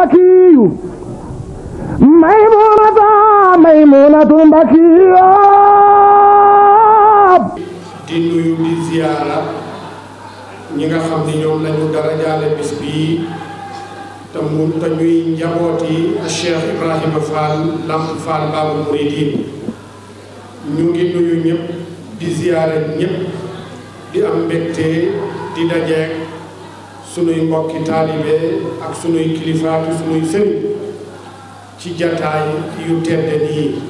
مكي ميمونة ميمونة مكية di nuyu di ziyaara ñi nga xam ne ñoom lañu darajaale bis bii te mu te ñuy njabooti Cheikh Ibrahima Fall Lamp Fall Baabul Muridiin ñu ngi nuyu ñëpp di ziyaara ñëpp di am mbégte di dajeek sunuy mbokki taalibe ak sunuy kilifaatu sunuy sëriñ ci jataay yu tedd nii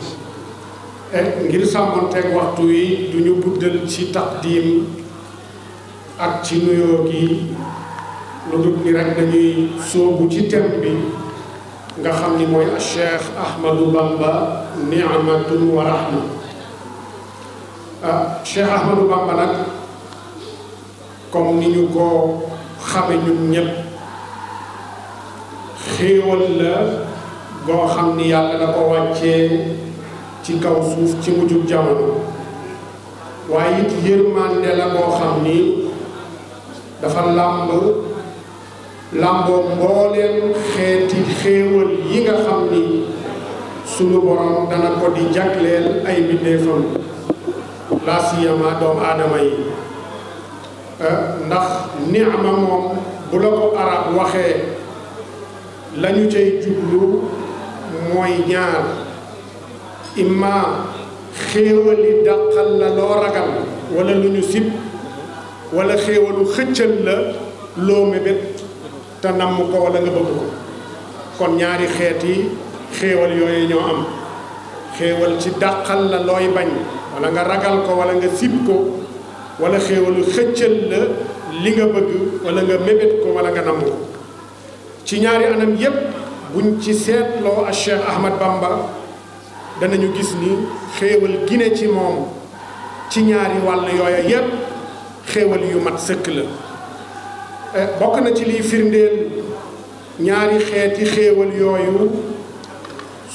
ngir sàmmanteeg waxtu wi duñu guddal ci taqdim ak ci nuyoo gi lu dul ni rek dañuy sóobu ci thème bi nga xam ni mooy Cheikh Ahmadou Bamba ni'matun wa rahma ah Cheikh Ahmadou Bamba nag comme ni ñu ko xame ñun ñépp xéewal la goo xam ni yàlla da ko wàccee ci kaw suuf ci mujjub jamono waaye it yërmande la goo xam ni dafa làmb làmboo mbooleem xeeti xéewal yi nga xam ni sunu borom dana ko di jagleel ay bindeefam la siyama doomu aadama yi Euh, ndax ni'ma moom bu la ko arab waxee la ñu cay jublu mooy ñaar imma xéewali dàqal la loo ragal wala lu ñu sib wala xéewalu xëccal la loo mébét te namm ko wala nga bëgg ko kon ñaari xeet yi xéewal yooyu ñoo am xéewal ci dàqal la looy bañ wala nga ragal ko wala nga sib ko wala xéewalu xëccal la li nga bëgg wala nga mébét ko wala nga namm ci ñaari anam yépp buñ ci seetloo ak Cheikh Ahmad Bamba danañu gis ni xéewal gine ne ci moom ci ñaari wàll yooya yépp xéewal yu mat sëkk la eh, bokk na ci liy firndeel ñaari xeeti xéewal yooyu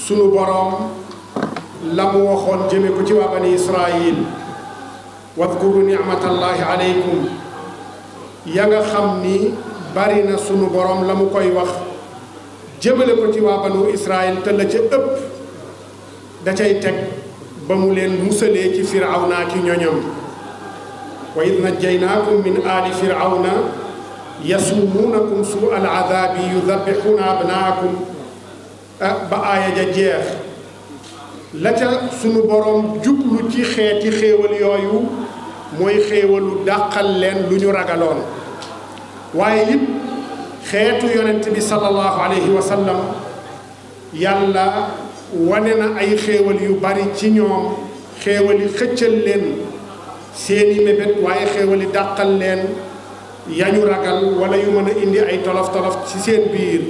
sunu boroom la mu waxoon jëme ko ci waa bani Israayil wadkuru nicmatallahi aleykum ya nga xam ni bari na sunu borom la mu koy wax jëmale ko ci waa banu israil te la ca ëpp da cay teg ba mu leen musalee ci firawna ki ñoñom wa id najjaynaakum min aali firawna yasumuunakum suu al adaabi yudabixuuna abnaakum ah, ba aaya ja jeex la ca sunu borom jublu ci xeeti xéewal yooyu mooy xéewalu dàqal leen lu ñu ragaloon waaye it xeetu yonent bi sallallahu alayhi wa yàlla wane na ay xéewal yu bari ci ñoom xéewali xëccal leen seeni mébét waaye xéewali dàqal leen yañu ragal wala yu mën a indi ay tolof-tolof ci seen biir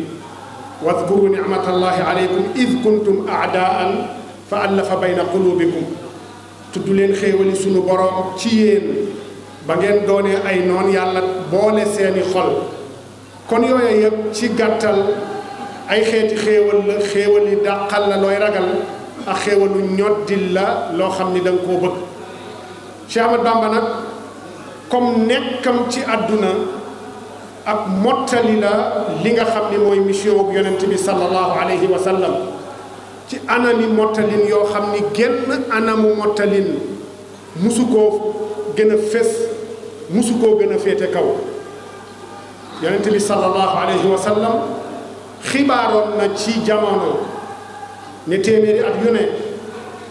wadkuru nicmatallahi alaykum id kuntum aadaan fa allafa bayna qulubikum tudd leen xéewali sunu boroom ci yéen ba ngeen doonee ay noon yàlla boole seeni xol kon yooyu yëpp ci gàttal ay xeeti xéewal la xéewal yi dàqal la looy ragal ak xéewalu ñoddil la loo xam ni da nga koo bëgg Cheikh Ahmad Bamba nag comme nekkam ci àdduna ak mottali la li nga xam ni mooy mission ak yonent bi sallallahu alayhi wa sallam ci anami mottalin yoo xam ni genn anamu mottalin musu koo gën a fés musu koo gën a féete kaw yonent bi sallallahu alayhi wa xibaaroon na ci jamono ne téeméeri at yu ne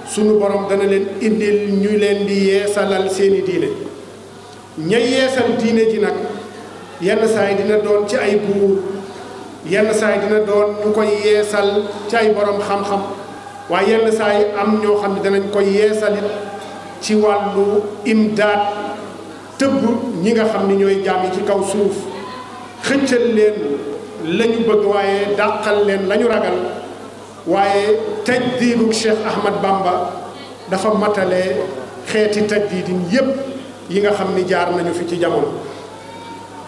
sunu borom dana leen indil ñu leen di yeesalal seeni diine ña yeesal diine ji nag yenn saa yi dina doon ci ay buur yenn saay dina doon ñu koy yeesal ci ay borom xam-xam waaye yenn saay am ñoo xam ne danañ koy yeesalit ci wàllu imdaad tëbb ñi nga xam ni ñooy jaam yi ci kaw suuf xëccal leen lañu bëgg waaye dàqal leen lañu ragal waaye tajdiidu Cheikh Ahmad bàmba dafa matale xeeti tajdiidin yépp yi nga xam ni jaar nañu fi ci jamono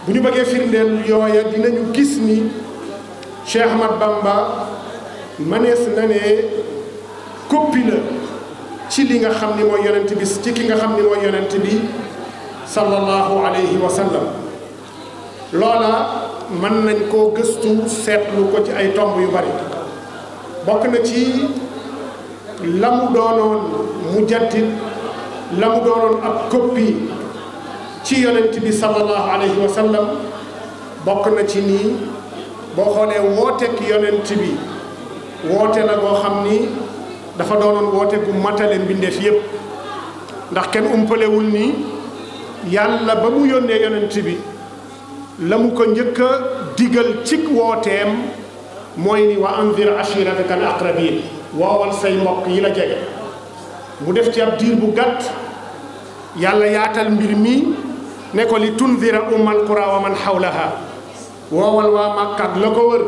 bu ñu bëggee firndeel yooya dinañu gis ni Cheikh Ahmad Bamba mënees na ne coppi la ci li nga xam ni mooy yonent bi ci ki nga xam ni mooy yonent bi sallallahu alayhi wa sallam loola mën nañ koo gëstu seetlu ko ci ay tomb yu bari bokk na ci la mu doonoon mujaddid la doonoon ab coppi ci yonent bi sallallahu alayhi wa bokk na ci nii boo xoolee wooteeg yonent bi woote la boo xam ni dafa doonoon woote gu matale mbindeef yépp ndax kenn umpalewul ni yàlla ba mu yónnee yonent bi la mu ko njëkk a digal cig wooteem mooy ni wa anzir ashirataka al aqrabin woowal say mbokk yi la jege mu def ci diir bu gàtt yàlla yaatal mbir mi ne ko li tunzira ummal qura wa man woowal waa màkkaat la ko wër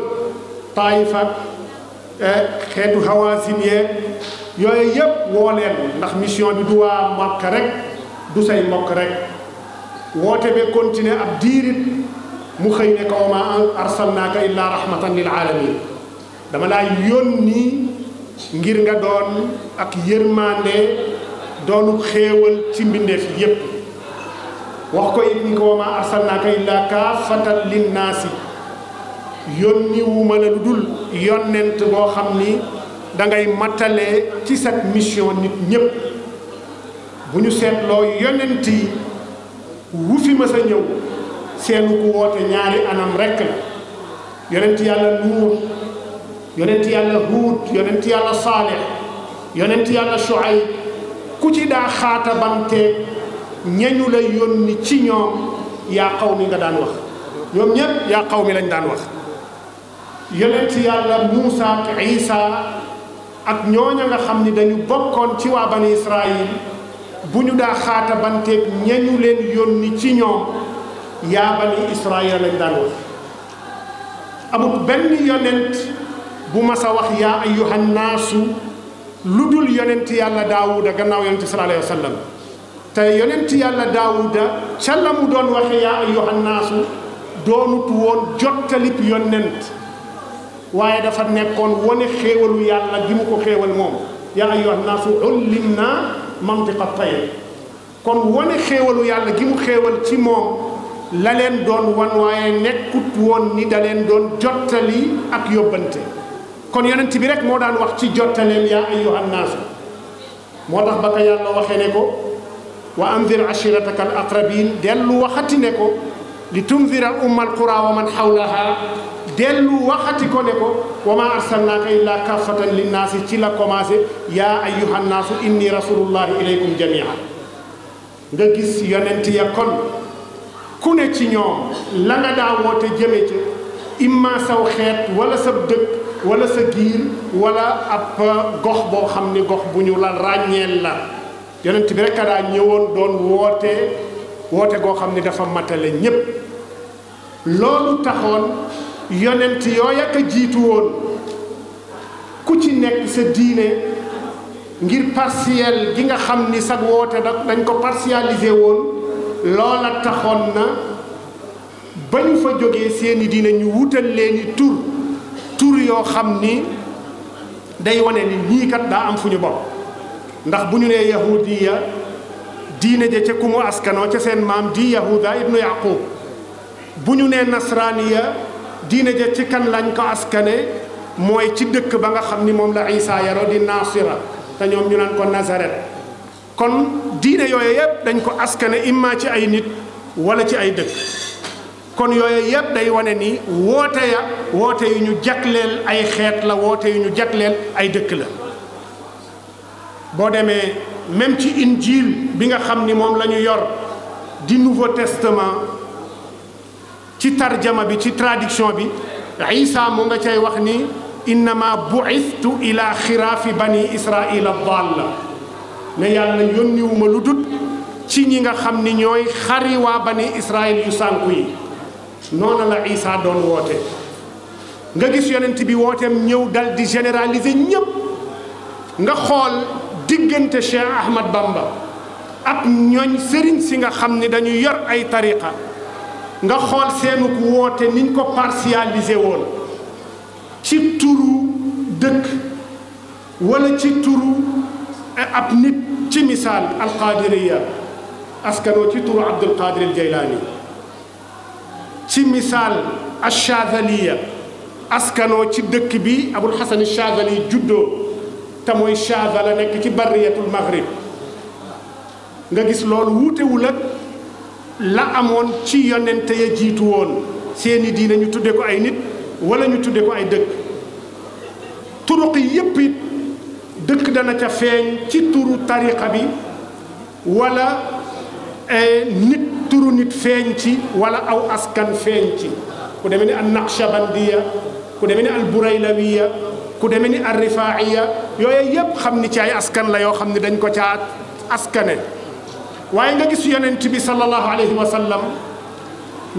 taayif ak eh, xeetu hawaasin yeeg yooyu yépp woo ndax mission bi du waa màkka rek du say mbokk rek woote ba continuer ab diirit mu xëy ne ko wa ma arsalnaaka illaa rahmatan lil alamin dama laa yónni ngir nga doon ak yërmande doonu xéewal ci mbindeef yépp wax ko it ni ko wa maa arsalnaaka illaa linnaasi yónni la lu dul boo xam ni dangay mattalee ci sa mission nit ñépp bu ñu seetloo yónnent yi fi ma sa ñëw seenu ku woote ñaari anam rekk la yónnent yàlla nuur yónnent yàlla huut yónnent yàlla saalix yónnent yàlla shuayb ku ci daa xaata bante ñeñu la yónni ci ñoom yaa xaw mi nga daan wax ñoom ñépp yaa xaw mi lañ daan wax yonent yàlla Muusa ak Isa ak ñooña nga xam ni dañu bokkoon ci waa bani Israayil bu ñu daa xaata banteeg ñeñu leen yónni ci ñoom yaa bani Israayil lañ daan wax amul benn yonent bu mas a wax yaa ayyuhan naasu lu dul yonent yàlla Daawuda gannaaw yonent sallallahu alayhi wa sallam te yonent yàlla daawuda ca la mu doon waxe yaa ayyuhan naasu doonut woon jottalib yonent waaye dafa nekkoon wone xéewalu yàlla gi mu ko xéewal moom yaa ayyuhan naasu ullim naa mantiqa tayr kon wane xéewalu yàlla gi mu xéewal ci moom la leen doon wan waaye nekkut woon ni da leen doon jottali ak yóbbante kon yonent bi rek moo daan wax ci jottaleem yaa ayyuhan naasu moo tax ba yàlla waxee ne ko wa andir ashirataka al aqrabin dellu waxati ne ko li tunzira umma al qura wa man hawlaha dellu waxati ko ne ko wa ma arsalnaka illa kaffatan linnaasi ci la commencé yaa ayyuha nnaasu inni rasulullahi ilaykum jamia nga gis yonent ya kon ku ne ci ñoom la nga daa woote jëme ca imma saw xeet wala sa dëkk wala sa giir wala ab euh, gox boo xam ne gox bu ñu la ràññeel la yonent bi rek a daa ñëwoon doon woote woote goo xam ne dafa matale ñépp loolu taxoon yonent yooya ka jiitu woon ku ci nekk sa diine ngir partiel gi nga xam ni sag woote dañ ko partialisé woon loola taxoon na ba ñu fa jógee seeni diine ñu wutal leeni tur tur yoo xam ni day wane ni ñii kat daa am fu ñu bopp ndax bu ñu nee yahudiya diine ja ca ku mu askanoo ca seen maam di yahuda ibnu yaqub bu ñu nee ya diine ja ci kan lañ ko askane mooy ci dëkk ba nga xam ni moom la isa yaroo di nasira te ñoom ñu naan ko nazaret kon diine yooyu yëpp dañ ko askane imma ci ay nit wala ci ay dëkk kon yooyu yëpp day wane ni woote ya woote yu ñu jagleel ay xeet la woote yu ñu jagleel ay dëkk la boo demee même ci injil bi nga xam ni moom lañu yor di nouveau testament ci tarjama bi ci traduction bi isa mu nga cay wax ni innama buistu ila xiraafi bani israila dalla ne yàlla yónniwuma lu dut ci ñi nga xam ni ñooy xari waa bani israil yu sànku yi noona la isa doon woote nga gis yonent bi wooteem ñëw dal di généraliser ñépp nga xool diggante Cheikh Ahmad Bamba ak ñooñ sëriñ si nga xam ni dañuy yor ay tariqa nga xool seenuk woote niñ ko partialisé woon ci turu dëkk wala ci turu eh, ab nit ci misaal alqaadiriya askanoo ci turu Abdul Qaadir Jaylaani ci misaal alchaadaliya askanoo ci dëkk bi Abul Xasan Chaadali juddoo te mooy Chaza la nekk ci barriyatul maghrib nga gis lool wuutewul ak la amoon ci yonente ya jiitu woon seeni diine ñu tudde ko ay nit wala ñu tudde ko ay dëkk turuq yépp dëkk dana ca feeñ ci turu tariqa bi wala eh, nit turu nit feeñ ci wala aw askan feeñ ci ku demee ni al naqshabandiya ku demee ni al buraylawiya ku demee ni arrifaiya yooyu yëpp xam ni ci ay askan la yoo xam ni dañ ko caa askane waaye nga gis yonent bi sallallahu alayhi wa sallam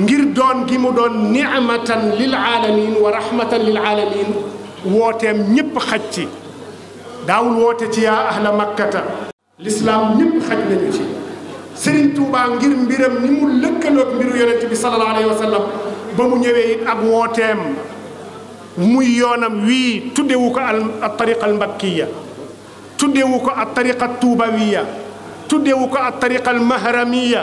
ngir doon gi mu doon nicmatan lil aalamin wa rahmatan lil aalamin wooteem ñëpp xaj ci daawul woote ci yaa ahla makkata lislaam ñëpp xaj nañu ci Sëriñ Tuubaa ngir mbiram ni mu lëkkaloog mbiru yonent bi sallallahu alayhi wa sallam ba mu ñëwee ak wooteem muy yoonam wii tuddewu ko al tariqa al mbakkiya tuddewu ko al tariqa tuubawiya tuddewu ko al tariqa al mahramiya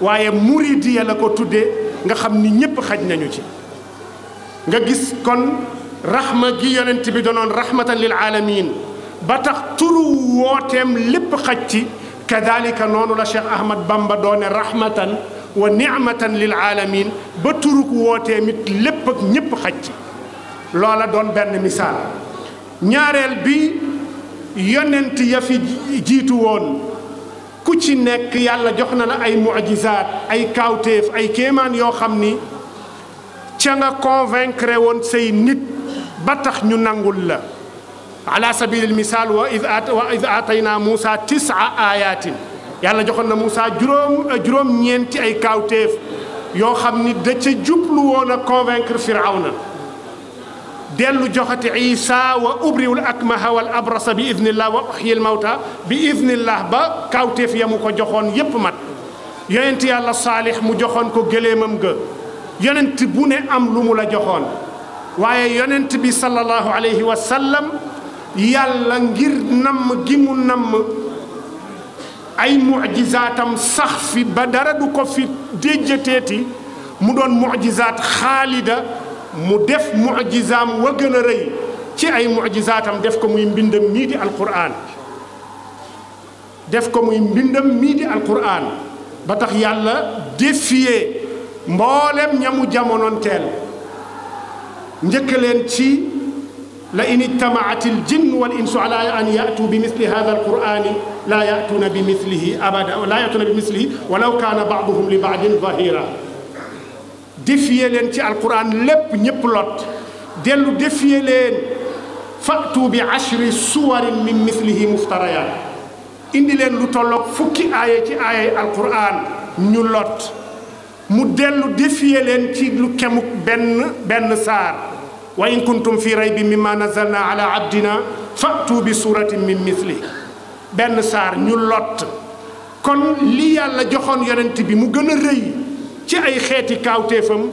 waaye muridiya la ko tudde nga xam ni ñépp xaj nañu ci nga gis kon rahma gi yonent bi doonoon rahmatan lil alamin ba tax turu wooteem lépp xaj ci kadalika noonu la Cheikh Ahmad Bamba doone rahmatan wa nicmatan lil alamin ba turuk wooteem it lépp ak ñépp xaj ci loola doon benn misaal ñaareel bi yonent ya jiitu woon ku ci nekk yàlla jox na na ay mu'jizaat ay kaawteef ay kéemaan yoo xam ni ca nga convaincre woon say nit ba tax ñu nangul la ala sabilil misaal wa id aataynaa Muusa tis'a ayatin yàlla joxoon na Muusa juróom juróom ñeenti ay kaawteef yoo xam ni da ca jublu woon a convaincre Firawna dellu joxati isa wa ubriwul akmaha wal abrasa bi idnillah wa uxyil mawta bi idnillah ba kawteef ya mu ko joxoon yépp mat yonent yàlla saalix mu joxoon ko gëléemam ga yonent bu ne am lu mu la joxoon waaye yonent bi sallallahu alayhi wa yàlla ngir namm gi namm ay mujizaatam sax fi ba dara du ko fi déjjateeti mu doon mujizaat xaalida mu def mujizaam wa gën a rëy ci ay mujizaatam def ko muy mbindam mii di alquran def ko muy mbindam mii di alquran ba tax yàlla défier mboolem ñamu jamonoon teel njëkk leen ci la in ijtamaat al jinn wal insu ala an yatu bi misli hada al qurani la yatuna bi mislihi abada la yatuna bi mislihi walaw kana baaduhum li baadin zahira défier leen ci alquran lépp ñëpp lot dellu défier leen fatu bi ashri suwarin min mislihi muftarayaat indi leen lu tolloog fukki aaya ci aayay alquran ñu lot mu dellu défier leen ci lu kemuk benn benn saar wa in kuntum fi raybin mimma nazalna ala abdina fatu bi suratin min mislihi benn saar ñu lot kon li yàlla joxoon yonent bi mu gën a rëy ci ay xeeti kaawteefam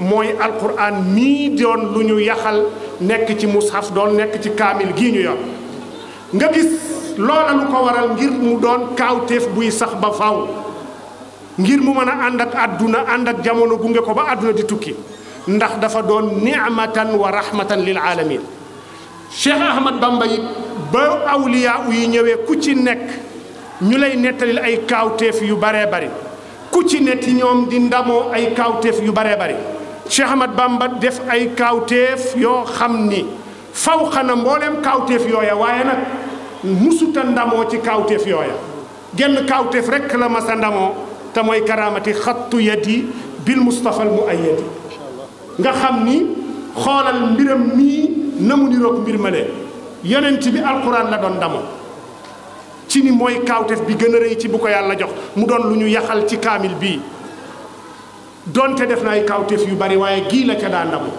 mooy alquran mii doon lu ñu yaxal nekk ci mushaf doon nekk ci kaamil gii ñu yor nga gis loola lu ko waral ngir mu doon kaawteef buy sax ba faw ngir mu mën a ànd ak àdduna ànd ak jamono gunge ko ba àdduna di tukki ndax dafa doon ni'matan wa rahmatan lil alamin Cheikh Ahmad Bamba yi ba awliyaa yi ñëwee ku ci nekk ñu lay nettalil ay kawtéef yu baree bari ku ci ne ci ñoom di ndamoo ay kaawteef yu baree bari Cheikh Ahmad Bamba def ay kaawteef yoo xam ni faw xana mbooleem kaawteef yooya waaye nag musuta ndamoo ci kaawteef yooya genn kaawteef rekk la masa ndamoo te mooy karaamati xattu yadi bil Mustafa al muayyadi nga xam ni xoolal mbiram mii namu mu niroog mbir ma lee yonent bi alquran la doon ndamoo ci ni mooy kaawtef bi gën a rëy ci bu ko yàlla jox mu doon lu ñu yaxal ci kaamil bii donte def na ay kaawtef yu bari waaye gii la ca daa ndamu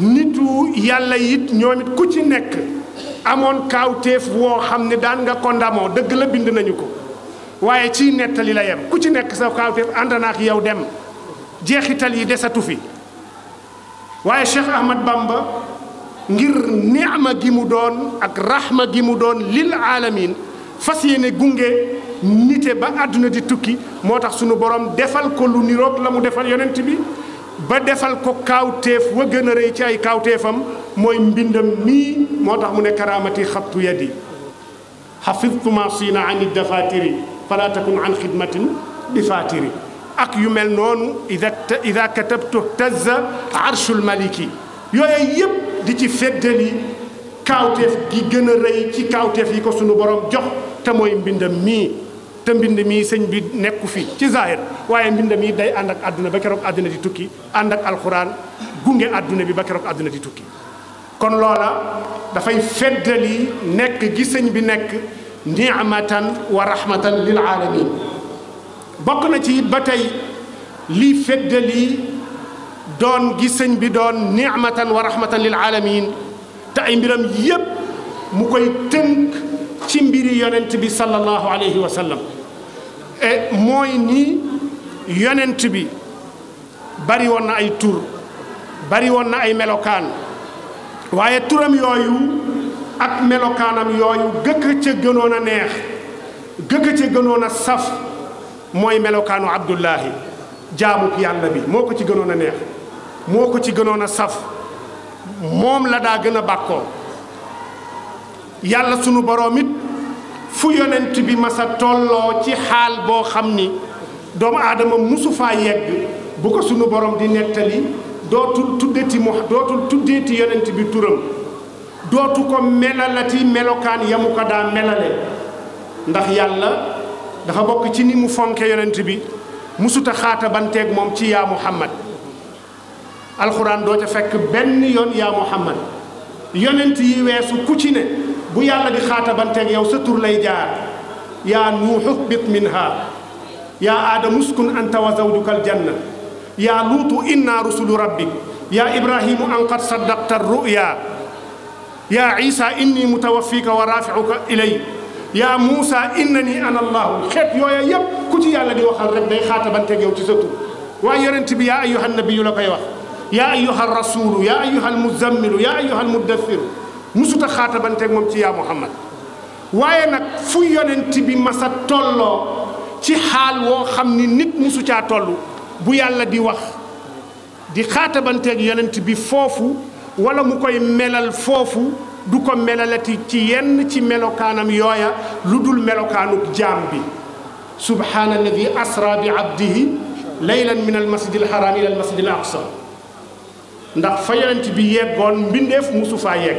nitu yàlla it ñoom it ku ci nekk amoon kawtéef woo xam ne daan nga ko ndamoo dëgg la bind nañu ko waaye ci nettali la yem ku ci nekk sa kaawteef ànd na yow dem jeexital yi desatu fi waaye Cheikh Ahmad Bamba ngir ni'ma gi mu doon ak rahma gi mu doon lil aalamin fas yéene gunge nite ba àdduna di tukki moo tax sunu borom defal ko lu niroog la mu defal yonent bi ba defal ko kaawteef wa gën ci ay kaawteefam mooy mbindam mii moo tax mu ne karaamati xattu yadi xafidtu ma siina an dafatiri fala takun an xidmatin bi ak yu mel noonu ida ida katabtu taza arshul maliki yooyu yëpp di ci feddali kaawteef gi gën a rëy ci kaawteef yi ko sunu borom jox te mooy mbindam mii te mbind mii sëñ bi nekku fi ci zahir waaye mbindam yi day ànd ak àdduna ba keroog àdduna di tukki ànd ak alxuraan gunge àdduna bi ba keroog àdduna di tukki kon loola dafay feddali nekk gi sëñ bi nekk ni'matan wa rahmatan lil alamin bokk na ci it ba tey lii feddali doon gi sëñ bi doon nicmatan wa rahmatan lil alamin te ay mbiram yépp mu koy tënk ci mbiri yonent bi sallallahu alayhi wa e mooy ni yonent bi bari woon na ay tur bari na ay melokaan waaye turam yooyu ak melokaanam yooyu gëkk ca gënoon a neex gëkk ca gënoon a saf mooy melokaanu Abdullahi jaamuk yàlla bi moo ko ci gënoon a neex moo ko ci gënoon a saf moom la daa gën a bàkkoo yàlla sunu boroom it fu yonent bi masa tolloo ci xaal boo xam ni doomu aadama musu faa yegg bu ko sunu borom di nettali dootul tuddeti mu dootul tuddeeti yonent bi turam dootu ko melalati melokaan yamu ko daa melale ndax yàlla dafa bokk ci ni mu fonke yonent bi musuta xaata banteeg moom ci yaa muhammad alxuraan doo ca fekk benn yoon yaa muhammad yonent yi weesu ku ci ne bu yàlla di xaatabanteeg yow sa tur lay jaar yaa nuuxu bit minha yaa aadamu uskun anta wa zawjuka aljanna yaa luutu inna rusulu rabbik yaa ibrahimu an qad saddaqta ruya yaa isa inni mutawaffika wa rafiuka ilay yaa muusa innani ana allahu xeet yooya yépp ku ci yàlla di waxal rek day xaatabanteeg yow ci sa tur waaye yonent bi yaa ayyuhan nabiyyu la wax yaa ayyuhal rasulu yaa ayyuhal muzammilu yaa ayyuhal muddathiru musuta xaatabanteeg moom ci yaa muhammad waaye nag fu yonent bi masa tolloo ci xaal woo xam ni nit musu caa toll bu yàlla di wax di xaatabanteeg yonent bi foofu wala mu koy melal foofu du ko melalati ci yenn ci melokaanam yooya lu dul melokaanuk jaam bi subhaana alladi asra bi abdihi laylan min almasjid alharam ila almasjid al aqsa ndax fa yonent bi yeggoon mbindeef musu faa yegg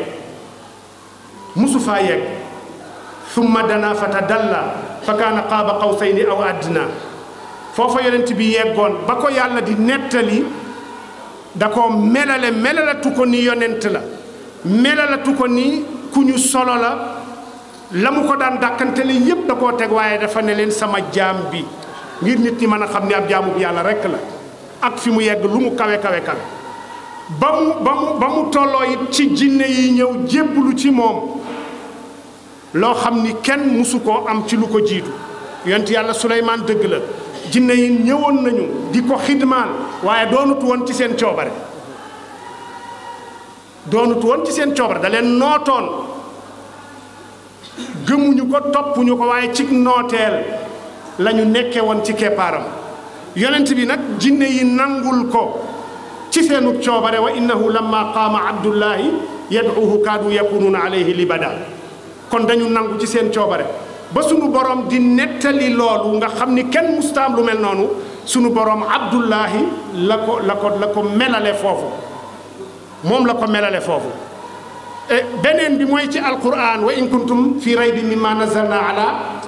musu faa yegg summa dana fa tadalla fa kaana qaaba qawsayni aw adna foofa yonent bi yeggoon ba ko yàlla di nettali da ko melale melalatu ko ni yonent la melalatu ko ni ku ñu solo la la mu ko daan dàkkantele yépp da koo teg waaye dafa ne leen sama jaam bi ngir nit ñi mën a xam ni ab jaamu yàlla rekk la ak fi mu yegg lu mu kawe kawe ba mu ba mu ba mu tolloo ci jinne yi ñëw jébbalu ci moom loo xam ni kenn mësu koo am ci lu ko jiitu yonent yàlla Suleymaan dëgg la jinne yi ñëwoon nañu di ko xidmaal waaye doonut woon ci seen coobare doonut ci seen coobare da nootoon gëmuñu ko toppuñu ko waaye cig nooteel lañu nekke woon ci keppaaram yonent bi nag jinne yi nangul ko ci seenu coobare wa innahu lamma qaama abdullahi yad'uhu kaadu yakunuuna alayhi libada kon dañu nangu ci seen coobare ba sunu borom di nettali loolu nga xam ni kenn mustaam lu mel noonu sunu borom abdullahi la ko la ko la ko melale foofu moom la ko melale foofu eh, beneen bi mooy ci alquran wa in kuntum fi raybin mimma nazalna ala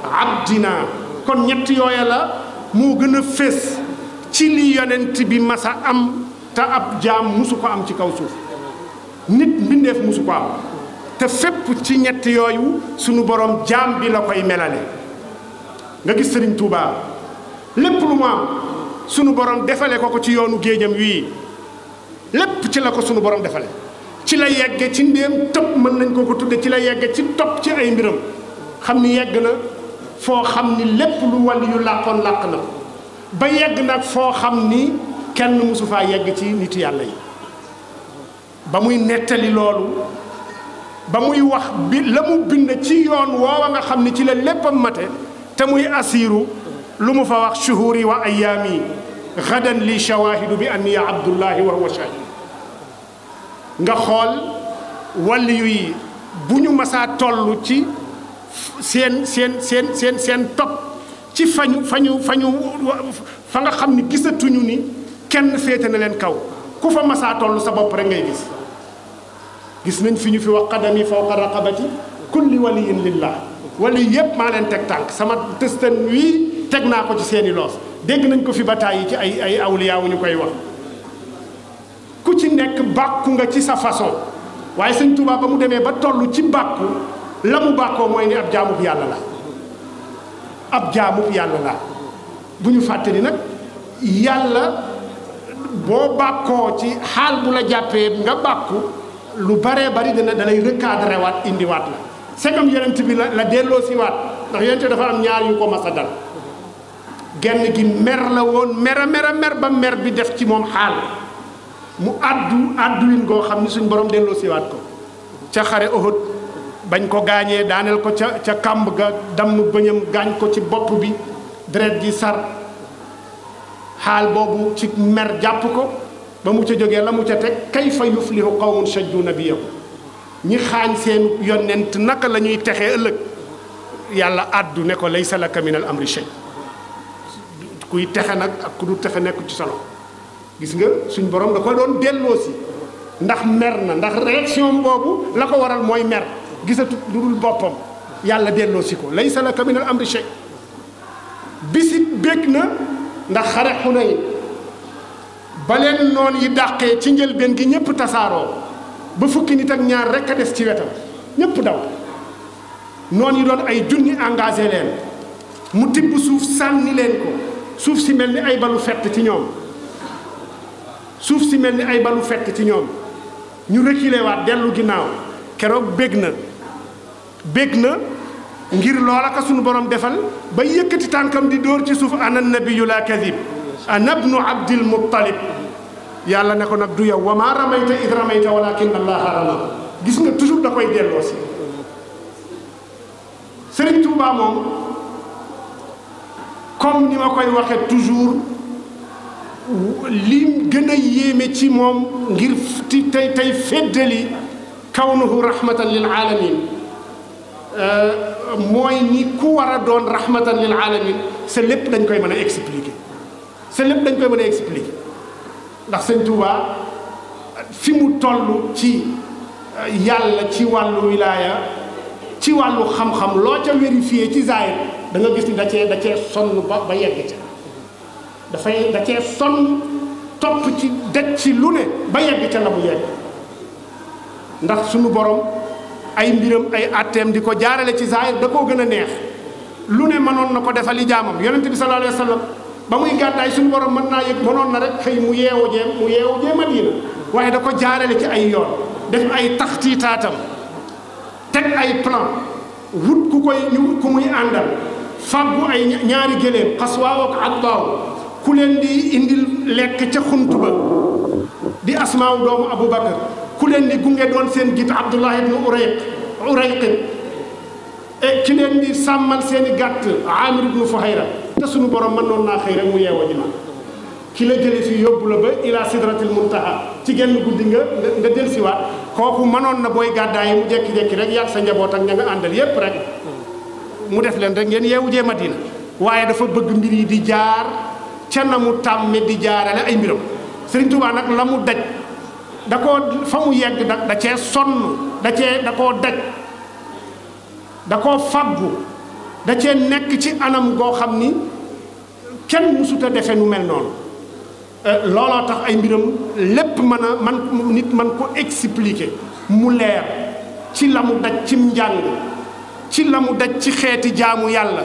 abdina kon ñett yooya la moo gën a fés ci li yonent bi masa am te ab jaam musu ko am ci kaw suuf nit mbindeef musu ko am te fépp ci ñett yooyu sunu boroom jaam bi la koy melale nga gis sëriñ Touba lépp lu mu sunu borom defale ko ko ci yoonu géejam wii lépp ci la ko sunu borom defale ci la yegge ci ndéem topp mën nañ koo ko tuddee ci la yegge ci topp ci ay mbiram xam ni yegg na foo xam ni lépp lu wàll yu làqoon làq na ba yegg nag foo xam ni kenn mësu faa yegg ci nitu yàlla yi ba muy nettali loolu ba muy wax bi la mu bind ci yoon woowa nga xam ni ci la léppam mate te muy asiiru lu mu fa wax shuhuri wa ayaami gadan li shawahidu bi anniya abdullahi wa huwa shahid nga xool waliyu yi bu ñu masaa toll ci seen seen seen seen seen topp ci fañu fañu fañu fa nga xam ni gisatuñu ni kenn féete na leen kaw ku fa masaa toll sa bopp rek ngay gis gis nañ fi ñu fi wax qadami fawqa raqabati kulli waliyin lillah wali yépp maa leen teg tànk sama tëstan wii teg naa ko ci seeni loos dégg nañ ko fi ba tàyyi ci ay ay awliya wu ñu koy wax ku ci nekk bàkku nga ci sa façon waaye sëñ Tuubaa ba mu demee ba toll ci bàkku la mu bàkkoo mooy ni ab jaamub yàlla la ab jaamub yàlla la bu ñu fàtte ni nag yàlla boo bàkkoo ci xaal bu la jàppee nga bàkku lu baree bari dana dalay recadré waat indiwaat la segam yonent bi la la delloo si waat ndax yonent dafa am ñaar yu ko mas genn gi mer la woon mer a mer ba mer bi def ci moom xaal mu addu adduwin ko xam ni suñ boroom delloo si waat ko ca xare Uhud bañ ko gaañee daaneel ko ca ca kàmb ga damm bëñam gaañ ko ci bopp bi deret ji sar xaal boobu ci mer jàpp ko ba mu ca jógee la mu ca teg kayfa yuflihu qawmun bi yow ñi xaañ seen yonent naka lañuy texe ëllëg yàlla àddu ne ko laysa laka min al kuy texe nag ak ku du texe nekku ci solo gis nga suñ borom da ko doon delloo si ndax mer na ndax réaction boobu la ko waral mooy mer gisatu lu dul boppam yàlla delloo si ko laysa laka min al amri bisit bég na ndax xare Xunayn ba leen noon yi dàqee ci njëlbeen gi ñëpp tasaaroo ba fukki nit ak ñaar rekk a des ci wetam ñëpp daw noon yi doon ay junni engagé leen mu tibb suuf sànni leen ko suuf si mel ni ay balu fett ci ñoom suuf si mel ni ay balu fett ci ñoom ñu reculé waat dellu ginnaaw keroog bég na bég na ngir loola ka sunu borom defal ba yëkkati tànkam di dóor ci suuf ana nabiyu la kadib ana bnu abdil muttalib yàlla ne ko nag du yow wa maa ramayta id ramayta walakin allaha rama gis nga toujours da koy delloo si Sëriñ moom comme ni ma koy waxe toujours li gën a ci moom ngir ti tey tey feddali kawnuhu lil alamin euh, mooy ni ku war a doon rahmatan lil alamin sa lépp dañ koy mën a expliquer sa lépp dañ koy mën a expliquer ndax sëñ Touba fi mu toll ci euh, yàlla ci wàllu wilaaya ci wàllu xam-xam loo ca vérifié ci zaahir danga gis ni da cee da cee sonn ba ba yegg ca dafay da cee sonn topp ci daj ci lu ne ba yegg ca la mu yegg ndax sunu borom. ay mbiram ay atteem di ko jaarale ci zaahir da koo gën a neex lu ne mënoon na ko defali jaamam yonent bi sallallahu alayhi wa sallam ba muy gàddaay suñu borom man naa yëg mënoon na rek xëy mu yeewu jee mu yeewu waaye da ko jaarale ci ay yoon def ay taxtiitaatam teg ay plan wut ku koy ñu ku muy àndal fàggu ay ñaari gëléem xaswaaw ak atbaaw ku leen di indil lekk ca xunt ba di asmaaw doomu Aboubacar ku leen di gunge doon seen git Abdullah ibn Urayq Urayq e ki leen di sàmmal seeni gàtt Amir ibn Fuhayra te suñu borom mën noon naa xëy rek mu yeewoo ji ma ki la jëlee fii yóbbu la ba ila sidratil muntaha ci genn guddi nga nga del siwaat kooku mënoon na booy gàddaay mu jekki-jekki rek yàgg sa njaboot ak ña nga àndal yépp rek mu def leen rek ngeen yeewu jee Madina waaye dafa bëgg mbir yi di jaar ca na mu tàmme di jaarale ay mbiram Sëriñ Tuubaa nag la mu da koo fa mu yegg da da cee sonn da cee da koo daj da koo faggu da cee nekk ci anam goo xam ni kenn musuta defe nu mel noonu euh, looloo tax ay mbiram lépp mën a man nit man ko expliquer mu leer ci la mu daj ci njàng ci la mu daj ci xeeti jaamu yàlla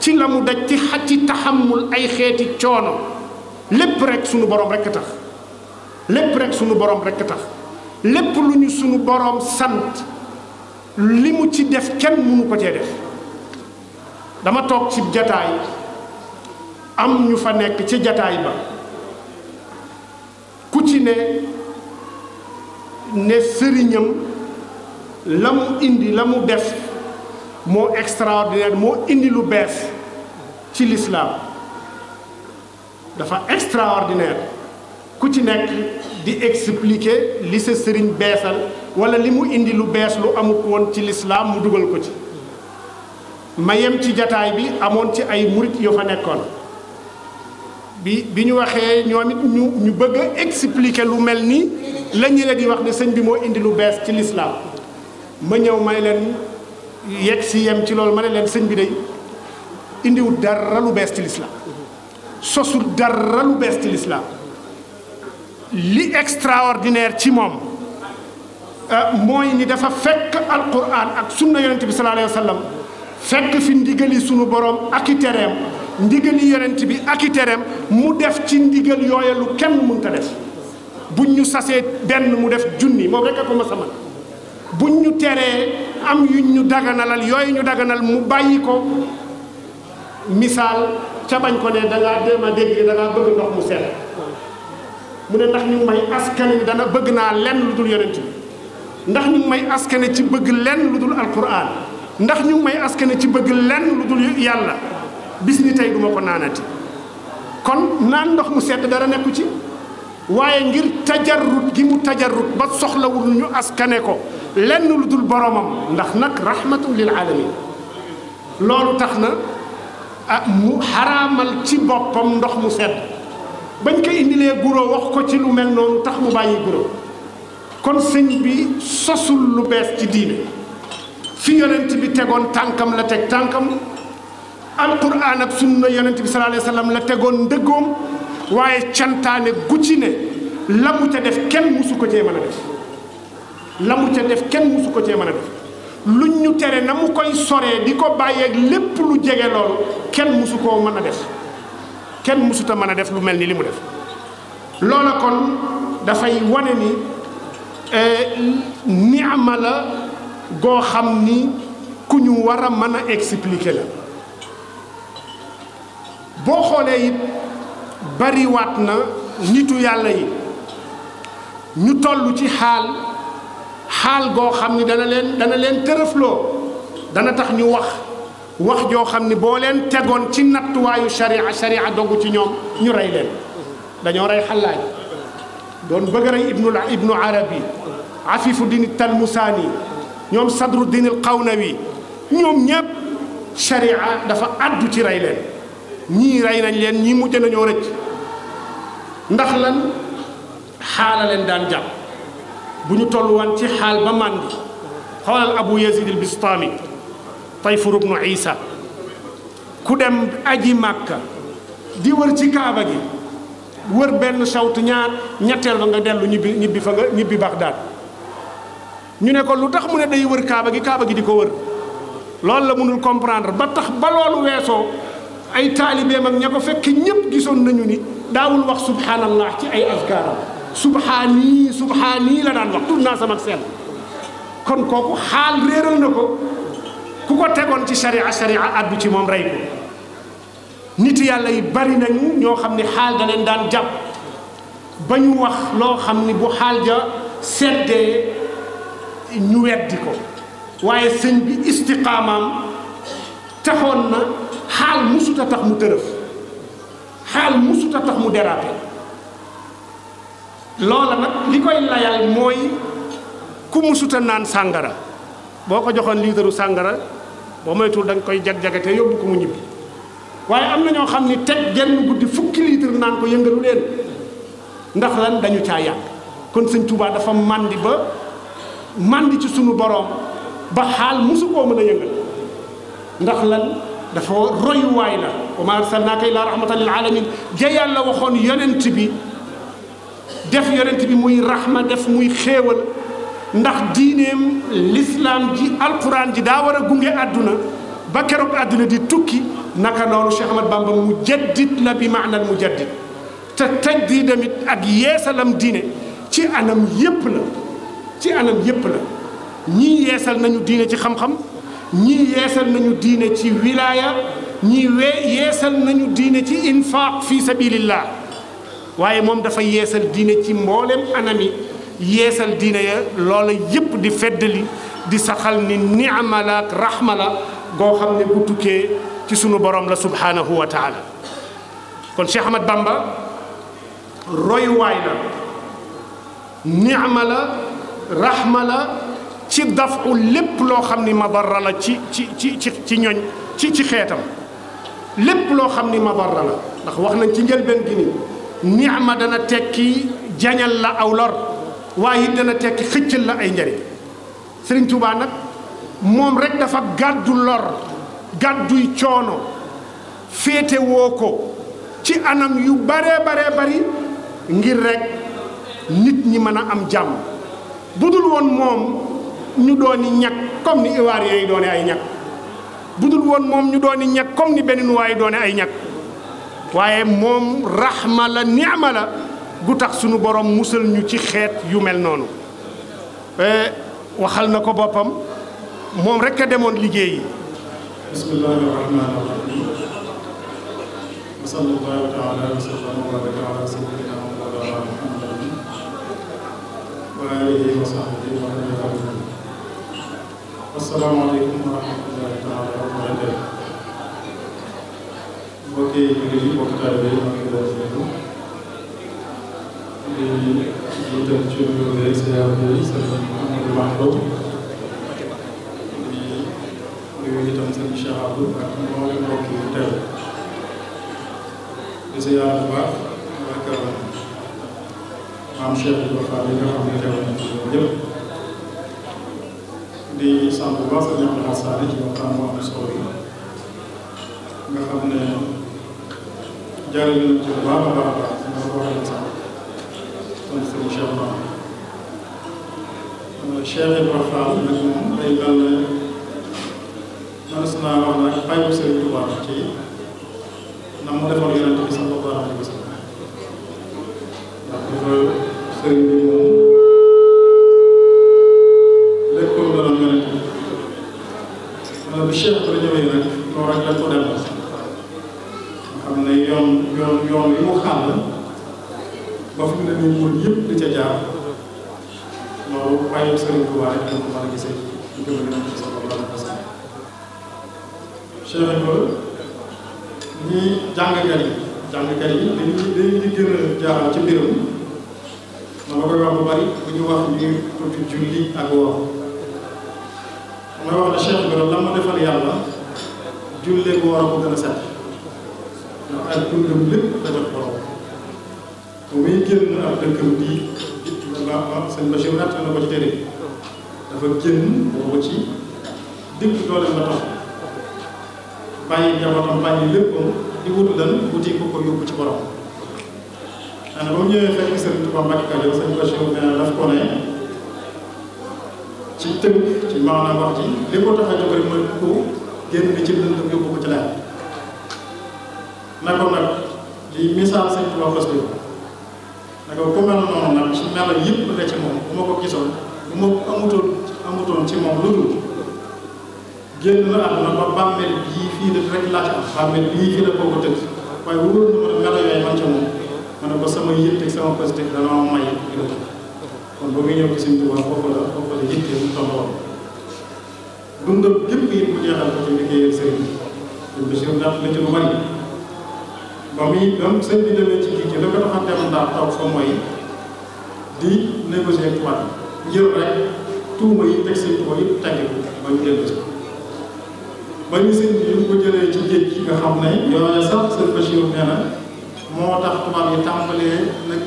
ci la mu daj ci xaj ci taxamul ay xeeti coono lépp rek sunu borom rek tax lépp rek sunu borom rek tax lépp lu ñu sunu boroom sant li mu ci def kenn mënu ko cee def dama toog ci jataay am ñu fa nekk ci jataay ba ku ci ne ne sëriñam la mu indi la mu def moo extraordinaire moo indi lu bees ci lislaam dafa extraordinaire ku ci nekk di expliquer li sa sëriñ beesal wala li mu indi lu bees lu amut woon ci lislaam mu dugal ko ci ma yem ci jataay bi amoon ci ay murit yoo fa nekkoon bi bi ñu waxee ñoom it ñu ñu bëgg a lu mel ni la ñu di wax ne sëñ bi moo indi lu bees ci lislaam ma ñëw may leen yegg ci yem ci loolu ma ne leen sëñ bi day indiwul dara lu bees ci lislaam sosul dara lu bees ci lislaam li extraordinaire ci moom euh, mooy ni dafa fekk alquran ak sunna yonent bi sallallahu alayhi wa sallam fekk fi ndigali sunu borom ak i tereem ndigali yonent bi ak i tereem mu def ci ndigal yooya kenn mënta def bu ñu sasee benn mu def junni moom rek a ko ma sama buñ ñu teree am yuñ ñu daganalal yooyu ñu daganal mu bàyyi ko misaal ca bañ ko ne da ngaa dem a dégg da ngaa bëgg ndox mu set mu ne ndax ñu ngi may askane dana bëgg naa lenn lu dul yonent bi ndax ñu ngi may askane ci bëgg lenn lu dul alquran ndax ñu ngi may askane ci bëgg lenn lu dul yàlla bis ni tey duma ko naanati kon naan ndox mu sedd dara nekku ci waaye ngir tajarrut gi mu tajarrut ba soxlawul ñu askane ko lenn lu dul boromam ndax nag rahmatul lil alamin loolu tax na ah mu xaraamal ci boppam ndox mu sedd bañ ko indilee guro waxu ko ci lu mel noonu tax mu bàyyi guro kon sëñ bi sosul lu bees ci diine fi yonent bi tegoon tànkam la teg tànkam alquran ak sunna yonent bi sallallahu alayhi wa la tegoon ndëggoom waaye cantaane gu ne la mu ca def kenn musu ko cee mën a def la kenn musu ko cee a def luñ ñu tere na mu koy soree di ko bàyyeeg lépp lu jege loolu kenn musu koo mën a def kenn mësuta mën a def lu mel ni li mu def loola kon dafay wone ni eh, niama la goo xam ni ku ñu war a mën a expliquer la boo xoolee it bariwaat na nitu yàlla yi ñu tollu ci xaal xaal goo xam ni dana leen dana leen tërëfloo dana tax ñu wax wax joo xam ni boo leen tegoon ci nattuwaayu sharia sharia dogu ci ñoom ñu rey leen dañoo rey xallaaj doon bëgg a rey ibnu ibnu arabi afifu din talmusaani ñoom sadru din alqawnawi ñoom ñëpp sharia dafa addu ci rey leen ñii rey nañ leen ñii mujj nañoo rëcc ndax lan xaala leen daan jàpp bu ñu tolluwaan ci xaal ba màndi xoolal abu yazid al bistaami Tayfur ibnu Isa ku dem aji màkka di wër ci kaaba gi wër benn sawtu ñaar ñetteel ba nga dellu ñibbi ñibbi fa nga ñibbi Bagdaad ñu ne ko lu tax mu ne day wër kaaba gi kaaba gi di ko wër loolu la mënul comprendre ba tax ba loolu weesoo ay taalibeem ak ña ko fekk ñépp gisoon nañu ni daawul wax subhanallah ci ay azkaaram subhaani subhaani la daan wax tudd naa sama sel kon kooku xaal réeral na ko ku ko tegoon ci sharia sharia addu ci moom rey nit yàlla yi bari nañu ñoo xam ni xaal da leen daan jàpp ba ñu wax loo xam ni bu xaal ja seddee ñu weddi ko waaye sëñ bi istiqaamaam taxoon na xaal musuta tax mu tërëf xaal musuta tax mu dérapé loola nag li koy layal mooy ku musuta naan sàngara boo ko joxoon liitaru sàngara boo moytuwul da koy jag-jagate yóbbu ko mu ñibbi waaye am na ñoo xam ni teg genn guddi fukki liitar naan ko yëngalu leen ndax lan dañu caa yàgg kon sëñ Tuubaa dafa màndi ba màndi ci sunu boroom ba xaal mosu koo mën a yëngal ndax lan dafa royuwaay la wa maa arsalnaaka illaa rahmatan lil alamin ja yàlla waxoon yonent bi def yonent bi muy na def muy xéewal ndax diineem lislaam ji alquran ji daa war a gunge àdduna ba keroog àdduna di tukki naka noonu Cheikh Ahmad Bamba mu jaddit la bi maanal mu jaddit taj di damit ak yeesalam diine ci anam yépp la ci anam yépp la ñii yeesal nañu diine ci xam-xam nañu diine ci wilaaya ñii wee yeesal nañu diine ci infaaq fi sabilillah waaye moom dafa yeesal diine ci mboolem anam yi yeesal diine ya loola yépp di feddali di saxal ni ni'ma la ak rahma la goo xam ne bu tukkee ci sunu borom la subhanahu wa taala kon Cheikh Ahmad Bamba royuwaay la ni'ma la rahma la ci dafu lépp loo xam ni madarra la ci ci ci ci ñoñ ci ci xeetam lépp loo xam ni madarra la ndax wax nañ ci njëlbeen gi ni ni'ma dana tekki jañal la aw lor waa it dana tekki xëccal la ay njariñ Sëriñ Tuubaa nag moom rek dafa gàddu lor gàdduy coono féete woo ko ci anam yu bare bare bari ngir rek nit ñi mën a am jàmm bu dul woon moom ñu dooni ñag comme ni Ivoiriens yi doone ay ñag bu dul woon moom ñu dooni ñag comme ni Béninois yi doone ay ñag waaye moom raxma la ni'ma la gu tax sunu borom musal ñu ci xeet yu mel noonu e, waxal na ko boppam moom rek a demoon liggéeyi. bismillaahi rahmaani rahiim. wa sallallaahu taala wa sallama wa baraka ala sayyidina mawlaana Muhammadin wa aalihi di jiital ci yooyu siyaar bi sëñ Amadou Mahdoum di nuyu itam sëñ Cheikh Abdou ak mboolem mbokk yi teew di siyaar bu baax ak maam Cheikh Ibrahima Fall yi nga xam ne teew nañ ci yëpp di sant bu baax sëñ Abdou Hassane ci waxtaan bu am solo bi nga xam ne jaarale nañ ci bu baax a baax a baax mooy sëñ Cheikh Ba Cheikh Ibra Fall nag moom day mel ne man su naa wax nag fayu sëñ Tuubaa ci na mu defal yonent bi sallallahu alayhi wa sallam ndax dafa sëriñ bi soxla dundal yëpp yëpp mu jeexal ko ci liggéeyal sëriñ bi sëñ Bachir ndax la ci lu bari ba muy ba mu bi demee ci kii ci la ko taxante ma taw fa mooy di négocier tubaab njël rek tuuma yi teg ko ba ñu dellu si ba ñu sëñ bi ñu ko jëlee ci géej gi nga xam ne yooyu sax sëñ Bachir nee na moo tax tubaab yi tàmbalee nag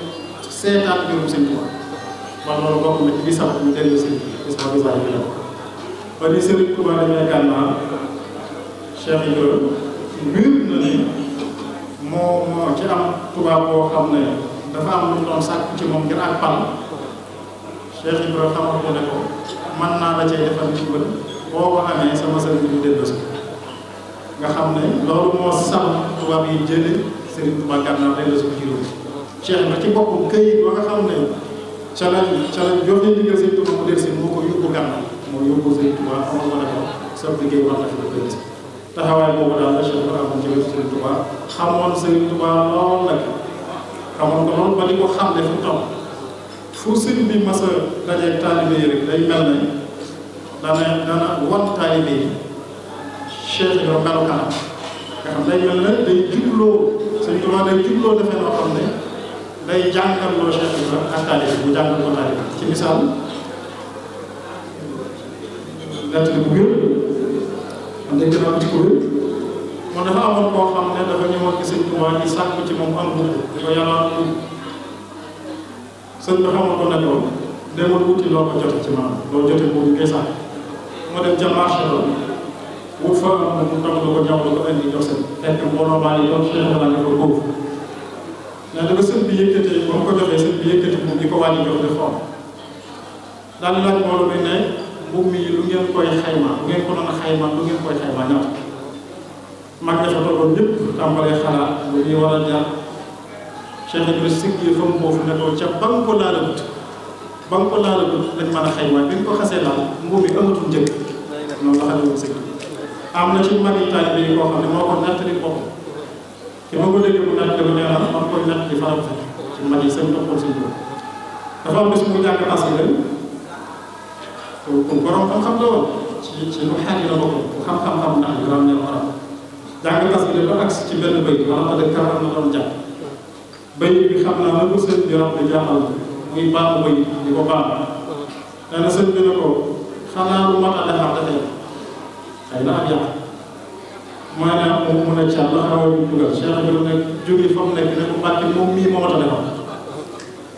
seetaat mbirum sëñ tubaab kon loolu bokk na ci li sax ñu dellu si bi la ba ni Serigne Touba dañuy gànnaaw Cheikh Ibrahima mbir na ni moo moo ci am tubaab sama sëriñ bi ñu dellu si nga xam ne loolu moo sàmm tubaab yi jële Serigne Touba gànnaaw dellu si ko ci réew Cheikh ba ci boppam këyit nga xam ne ca lañ ca lañ jox leen ndigal mu del si moo ko yóbbu gànnaaw moo yóbbu sëñ Tuubaa xamoon sëñ Tuubaa lool nag xamoon ko lool ba li ko xam ne fu mu fu sëñ bi mas a dajeeg taalibe rek day mel nañ daana daana wan taalibe yi Cheikh Ibrahima melokaanam nga xam day mel na day jubloo sëñ Tuubaa day jubloo defee noo xam ne day jàngal loo Cheikh mu jàngal ko taalib ci misaal nett bu gën man dañ gën a am ci dafa amoon koo xam ne dafa ñëwoon ci sëñ Tuubaa di sàkku ci moom am buur ko yàlla am buur sëñ wuti loo ko jote ci maanaam loo jote buur ngay sàkk moo dem ca marché wut fa am mu tam ko jaww ko indi jox seen fekk mbooloo baa yi doon Cheikh la nga ko góob nee na ba sëñ bi yëkkatee ba ko joxee sëñ bi yëkkati moom di ko wàññi jox di xool daal laaj mbooloo lu ngeen koy xayma bi ñu ko xasee laal mbubb mi amatul la xam ne woon am na ci mag ko ci ma ko déggee mu natt dama ne ah ma koy natt di faram-fàccee ci man yi seen toppatoo seen bopp dafa am bés bu jàng tasa leen kon borom xam-xam la woon ci ci lu xaaj la bokk bu xam-xam-xam ndax yu am ne waram jàng tasa leen ba agsi ci benn béy wala ma dëkk karam la doon jàpp béy bi xam naa na ko bi rab di jàppal muy baamu béy di ko bi ne ko xanaa lu a defar dafay xëy na am maanaam moom mën a caal la xaw a dugal Cheikh Ibrahima nag jóge fa mu nekk ne ko Mbàkke moom mii moo tax defal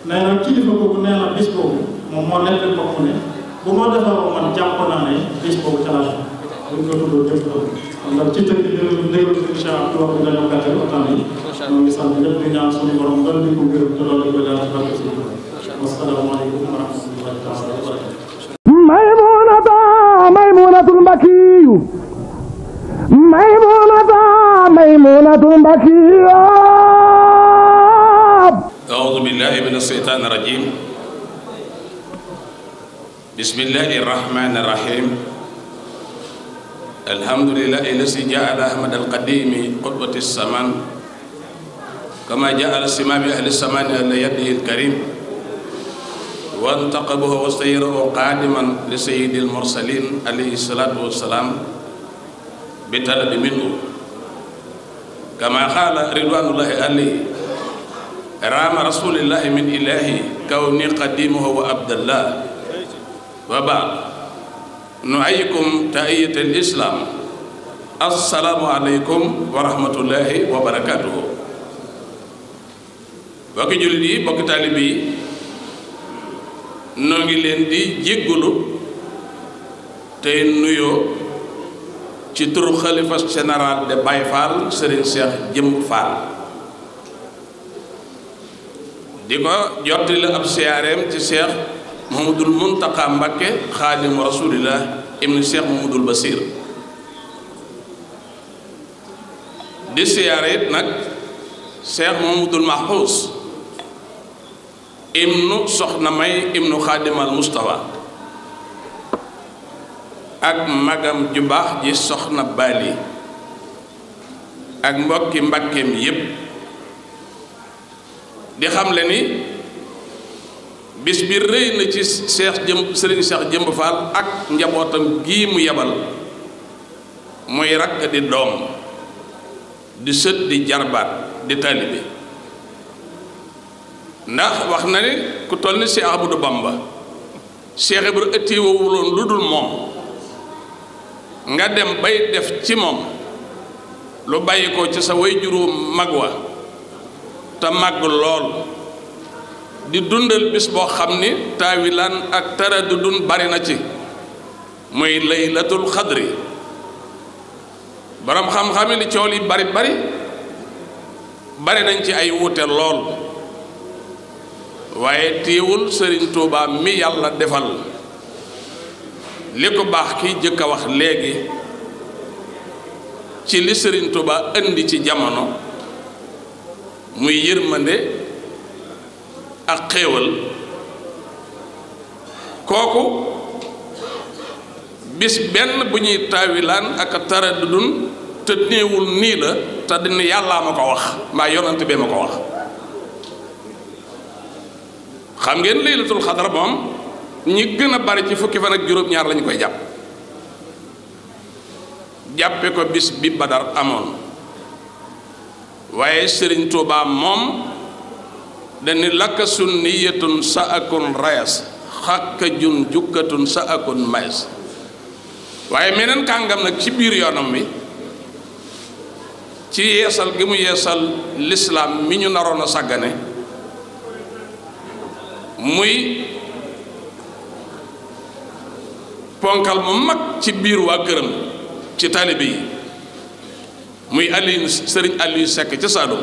nee na kilifa boobu nee na bis boobu moom moo nekk bopp ne bu ma defaloo man jàpp naa ne bis boobu ca laaj buñ ko tuddoo jëf ko ndax ci tënk bi déglu incha allah wax bi dañoo gàttal waxtaan yi ñoo ngi sant ñëpp di ñaan suñu borom ban di ko gërëm te loolu ko daal ci barke si wasalaamaaleykum wa rahmatullahi taala wa barakatu maymunata maymunatul mbakiyu maymunata maymunatu mbakiya أعوذ بالله من الشيطان الرجيم بسم الله الرحمن الرحيم الحمد لله الذي جعل أحمد القديم قدوة الزمان كما جعل السمام أهل الزمان على يده الكريم وانتقبه وسيره قادما لسيد المرسلين عليه الصلاة والسلام بالطلب منه كما قال رضوان الله عليه رام رسول الله من إلهي كوني قديمه وعبد الله وبعد نعيكم تأية الإسلام السلام عليكم ورحمة الله وبركاته bokki jullit yi bokki taalib yi noo ngi leen di jéggulu tey nuyoo ci turu xalifa général de Baye Fall Serigne Cheikh Jëmb Fall di ko jottali ab siyaareem ci Cheikh Mamadul Muntaqa Mbakke xaadimu rasulillah ibnu Cheikh Mamadul Basir di siyaare it nag Cheikh Mamadul Mahfous ibnu Soxna May ibnu Xaadimal Mustafa ak magam ju baax ji soxna yi ak mbokki mbakkeem yépp di xam le ni bis bi rëy na ci Cheikh jëm Serigne Cheikh ak njabootam gi mu yebal muy rakk di doom di sët di jarbaat di taalibe ndax wax na ni ku toll ni Cheikh Abdou Bamba Cheikh Ibra ëttiwawuloon lu dul moom nga dem bay def ci moom lu bàyyi ko ci sa way juróom mag wa te màgg lool di dundal bis boo xam ni taawilaan ak taradudun bari na ci muy laylatul xadri borom xam-xami li coow bari bari bari nañ ci ay wuute lool waaye téewul Sëriñ Tuubaa mi yàlla defal li ko baax ki jëkk a wax léegi ci li Sëriñ Tuba indi ci jamono muy yërmande ak xéewal kooku bis benn bu ñuy taawilaan ak taradudun te néewul nii la te dina yàllaa ma ko wax mbaa yonante bee ma ko wax xam ngeen laylatul xadar moom ñi gën a ci fukki fan ak juróom-ñaar lañu koy jàpp jàppe ko bis bi badar amoon waaye sëriñ Tuubaa moom dani lakka sunniyatun sa akun rayas xàkka jun sa akun maes waaye meneen kàngam nag ci biir yoonam bi ci yeesal gi mu yeesal lislaam mi ñu naroon sàggane muy ponkal mu mag ci biir waa këram ci taalibe yi muy Aliou Serigne Aliou Seck ca Saalum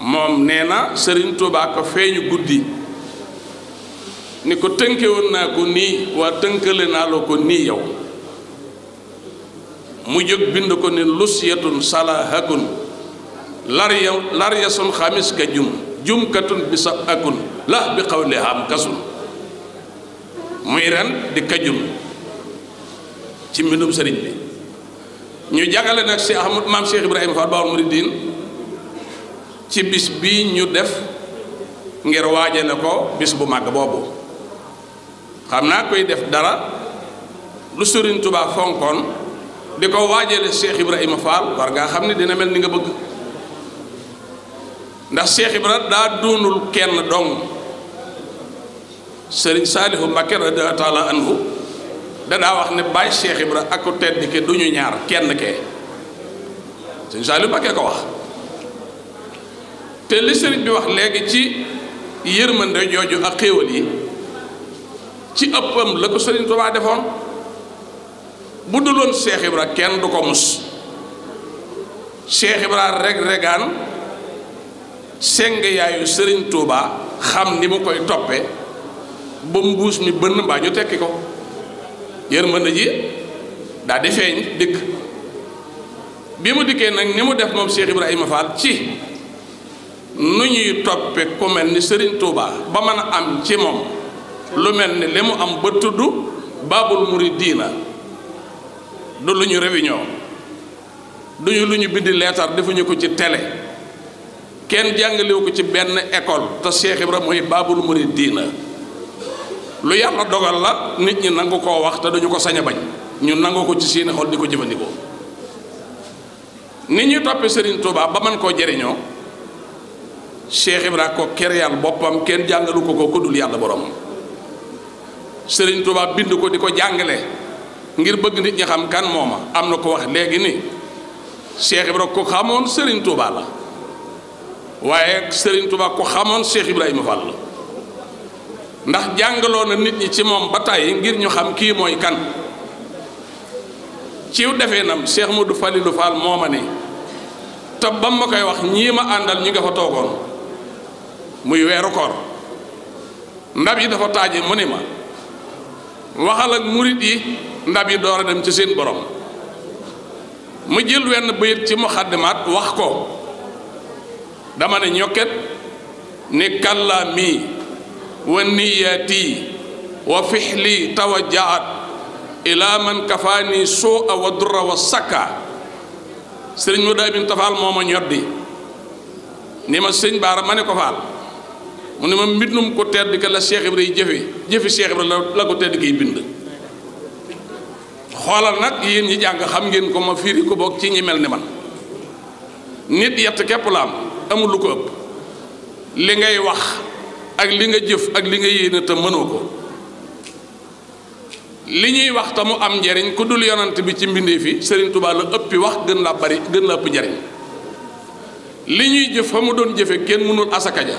moom nee na Serigne Touba ko feeñu guddi ni ko tënke naa ko nii waa tënkale naa la ko nii yow mu jóg bind ko ni lusiyatun salahakun larya laryasun xamis ka jum jumkatun bisa akun la bi xawli ham kasun muy ren di kajul ci mbindum sëriñ bi ñu jàngale nag si ahmad maam Cheikh Ibrahima Fall Baol Mouridine ci bis bi ñu def ngir waaje na ko bis bu màgg boobu xam naa koy def dara lu Sëriñ tubaab fonkoon di ko waajale Cheikh Ibrahima Fall war ngaa xam ne dina mel ni nga bëgg ndax Cheikh Ibrahima daa doonul kenn dong sëriñ saalihu mbakke la taala anhu danaa wax ne bàyyi Cheikh Ibra ak ku tedd ke du ñu ñaar kenn kee sëriñ saalihu mbakke ko wax te li sëriñ bi wax léegi ci yërmande jooju ak xéewal yi ci ëppam la ko sëriñ Tuubaa defoon bu duloon Cheikh ra kenn du ko mus Cheikh Ibra reg regaan seng yaayu sëriñ tuuba xam ni mu koy toppe ba buus mi bënn mbaa ñu tekki ko yërmande ji daal di feeñ dikk bi mu dikkee nag ni mu def moom Cheikh Ibrahima Fall ci nu ñuy toppe ku mel ni sëriñ Touba ba mën a am ci moom lu mel ni li mu am ba tudd Babul diina du lu ñu réunion duñu lu ñu bindi leetar defuñu ko ci tele kenn jàngalewu ko ci benn école te Cheikh Ibrahima mooy Babul diina lu yàlla dogal la nit ñi nangu koo wax te duñu ko sañ a bañ ñu nangu ko ci seeni xol di ko jëfandikoo nit ñuy toppee sëriñ Touba ba man koo jëriñoo Cheikh Ibra ko keryal boppam kenn jàngalu ko ko dul yàlla borom sëriñ Touba bind ko di ko jàngale ngir bëgg nit ñi xam kan mooma am na ko wax léegi ni Cheikh Ibra ko xamoon sëriñ Touba la waaye sëriñ Touba ko xamoon Cheikh Ibrahima Fall la ndax jàngaloo na nit ñi ci moom ba tàyyi ngir ñu xam kii mooy kan ciw defee nam Cheikh du Falilou Fall moo ma ne te ba ma koy wax ñii ma àndal ñi nga fa toogoon muy weeru koor ndab yi dafa taaje mu ni ma waxal ak murit yi ndab yi door a dem ci seen borom mu jël wenn bayit ci muxaddimaat wax ko dama ne ñokket ni kàllaa mii wa niyaati wa fixli tawajjaat ila man kafaani suu'a wa durra wa sakka sëriñ mu daamin tafaal moo ma ñoddi ni ma sëñ baara ma ne ko faal mu ne ma mbindum ko tedd ka la Cheikh Ibra yi jëfe jëfi Cheikh la ko tedd kay bind xoolal nag yéen ñi jàng xam ngeen ko ma firi ko ci ñi mel ni man nit yett képp la am amul lu ko ëpp li ngay wax ak li nga jëf ak li nga yéene te mënoo ko li ñuy wax tamu am njariñ ku dul yonant bi ci mbindeef yi Serigne Touba la ëppi wax gën laa bari la ëpp njariñ li ñuy jëf fa mu doon jëfe kenn mënul asaka ja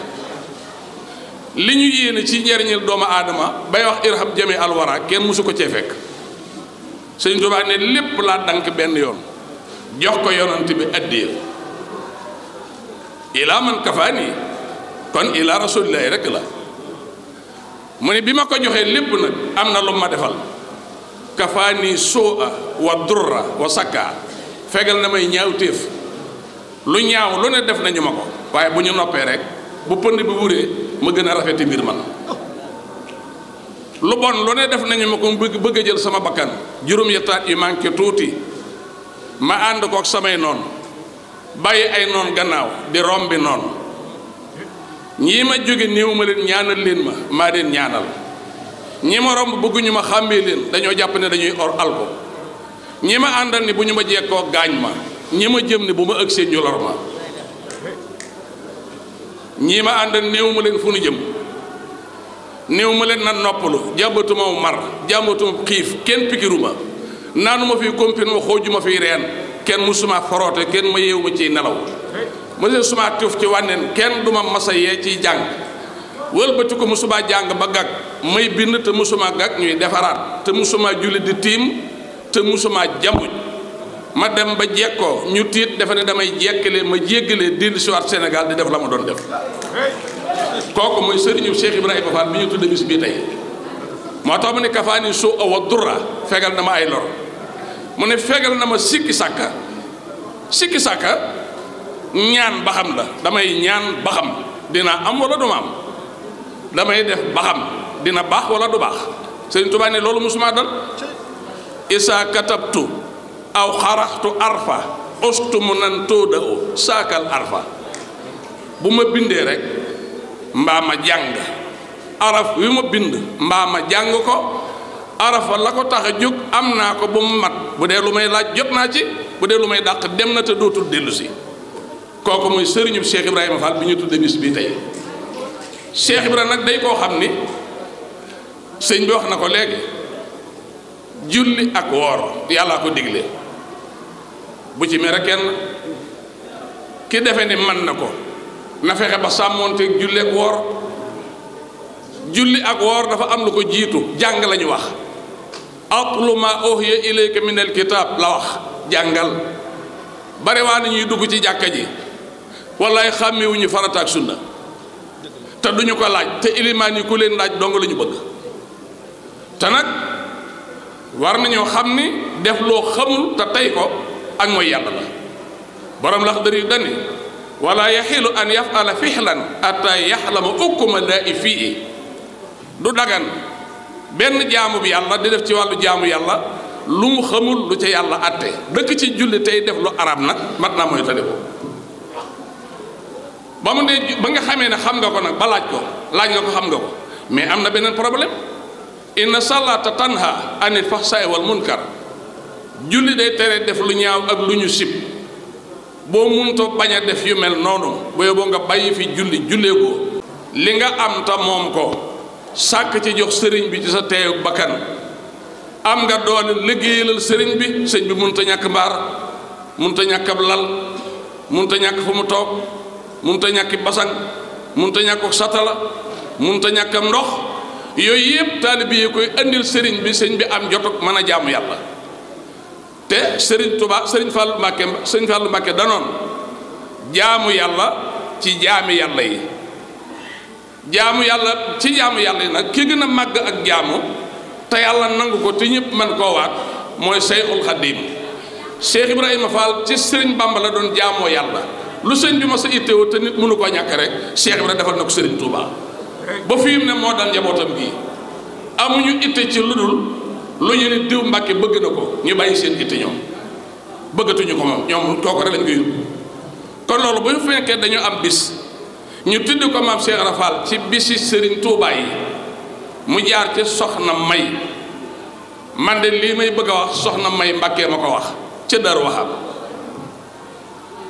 li ñu yéene ci njariñal doomu aadama bay wax irham jame alwara kenn mësu ko cee fekk Serigne ne lépp laa dank benn yoon jox ko yonant bi addiya ilaa man kafaani kon ila rasulillahi rek la mu ne bi ma ko joxee lépp nag am na lu ma defal kafaani soo a wa durra wa sakka fegal na may ñaaw téef lu ñaaw lu ne def nañu ma ko waaye bu ñu noppee rek bu pënd bi wuree ma gën a rafeti mbir man lu bon lu ne def nañu ma ko bëgg a jël sama bakkan juróom yetaat yu manqué tuuti ma ànd kook samay noon bàyyi ay noon gannaaw di rombi noonu ñii ma jóge néew ma leen ñaanal leen ma maa leen ñaanal ñi ma romb bëgguñu ma xàmmee leen dañoo jàpp ne dañuy or alko ñii ma àndal ni bu ñu ma jekkoo gaañ ma ñii ma jëm ne bu ma ëgsee ñu lor ma ñii ma àndal néew ma leen fu nu jëm néew ma leen na noppalu jàmbatuma mar jàmbatuma xiif kenn pikiru ma naanu ma fiy kompin ma xooju ma fiy reen kenn musuma foroote kenn ma yeewu ma ciy nelaw monsieur suma tuuf ci wànneen kenn duma masa yee ciy jàng wëlbati ko musuma jàng ba gàkk may bind te musuma gag ñuy defaraat te musuma julli di tiim te musuma jamuñ ma dem ba jekkoo ñu tiit dafa ne damay jekkale ma jéggalee dellu si waat di def la ma doon def kooku mooy sëriñu Cheikh Ibrahima Fall bi ñu tudde bis bii tey moo tax mu ne kafaani su awa durra fegal na ma ay lor mu ne fegal na ma sikki sàkka sikki sàkka ñaan baxam la damay ñaan baxam xam dina am wala du ma am damay def baxam dina baax wala du baax sëriñ Tuubaa ne loolu musuma dal isaa katabtu aw xaraxtu arfa ostu mu nan tóoda saakal arfa bu ma bindee rek mbaa ma jàng araf wi ma bind mbaa ma jàng ko arafa la ko tax a jóg am naa ko bu mu mat bu dee lu may laaj jot naa ci bu dee lu may dàq dem na te dootul dellusi kooku mooy sëriñu Cheikh Ibrahima Fall bi ñu tudde bis bi tey Cheikh nag day koo xam ni sëñ bi wax na ko léegi julli ak woor yàllaa ko digle bu ci mere kenn ki defe ni man na ko na fexe ba sàmmoonteeg julli ak woor julli ak woor dafa am lu ko jiitu jàng la ñu wax atlu ma uhiya ilayka min alkitab la wax jàngal bare waa na ñuy dugg ci jàkka ji wallaay xàmmewuñu farata ak sunna te duñu ko laaj te ilimaan yi ku leen laaj dong lañu ñu bëgg te nag war nañoo xam ni def loo xamul te tey ko ak mooy yàlla la borom lax dëri dani wala yaxilu an yafala fixlan ata yaxlama ukkuma daa i fii du dagan benn jaamu bi yàlla di def ci wàllu jaamu yàlla lu mu xamul lu ca yàlla atte dëkk ci julli tey def lu arab nag mat naa mooy tali ko ba mu ne ba nga xamee ne xam nga ko nag ba laaj ko laaj nga ko xam nga ko mais am na beneen problème inna salaata tanha anil fahsaay wal munkar julli day tere def lu ñaaw ak lu ñu sib boo munto bañ a def yu mel noonu bu yóbboo nga bàyyi fi julli jullee ko li nga am tam moom ko sàkk ci jox sëriñ bi ci sa teeyu bakkan am nga doon liggéeyalal sëriñ bi sëñ bi munta ñàkk mbaar munta ñàkk ab lal munta ñàkk fu mu toog mun ta ñàkki basang mun ta ñàkk satala mun ta ñàkkam ndox yooyu yëpp taalibi yi koy andil sëriñ bi sëñ bi am jot mën a jaamu yàlla te sëriñ Tuubaa sëriñ Fallou Mbacké sëriñ Fallou Mbacké danoon jaamu yàlla ci jaami yàlla yi yàlla ci jaamu yàlla yi nag ki gën a màgg ak jaamu te yàlla nangu ko te ñëpp man koo waat mooy Seyxul Xadiim Cheikh Ibrahima Fall ci sëriñ Bamba la doon jaamoo yàlla lu sëñ bi ma sa itteewoo te nit mënu koo ñàkk rek Cheikh Ibrahima defal na ko Serigne Touba ba fi mu ne moo dal njabootam gii amuñu itte ci lu dul lu ñu ne diw Mbàkke bëgg na ko ñu bàyyi seen itte ñoom bëggatuñu ko moom ñoom kooku rek lañ koy yóbbu kon loolu bu ñu fekkee dañu am bis ñu tudd ko maam Cheikh Rafal ci bisi Serigne Touba yi mu jaar ci Soxna May man de lii may bëgg a wax Soxna May Mbàkke ma ko wax ca Daaru Wahab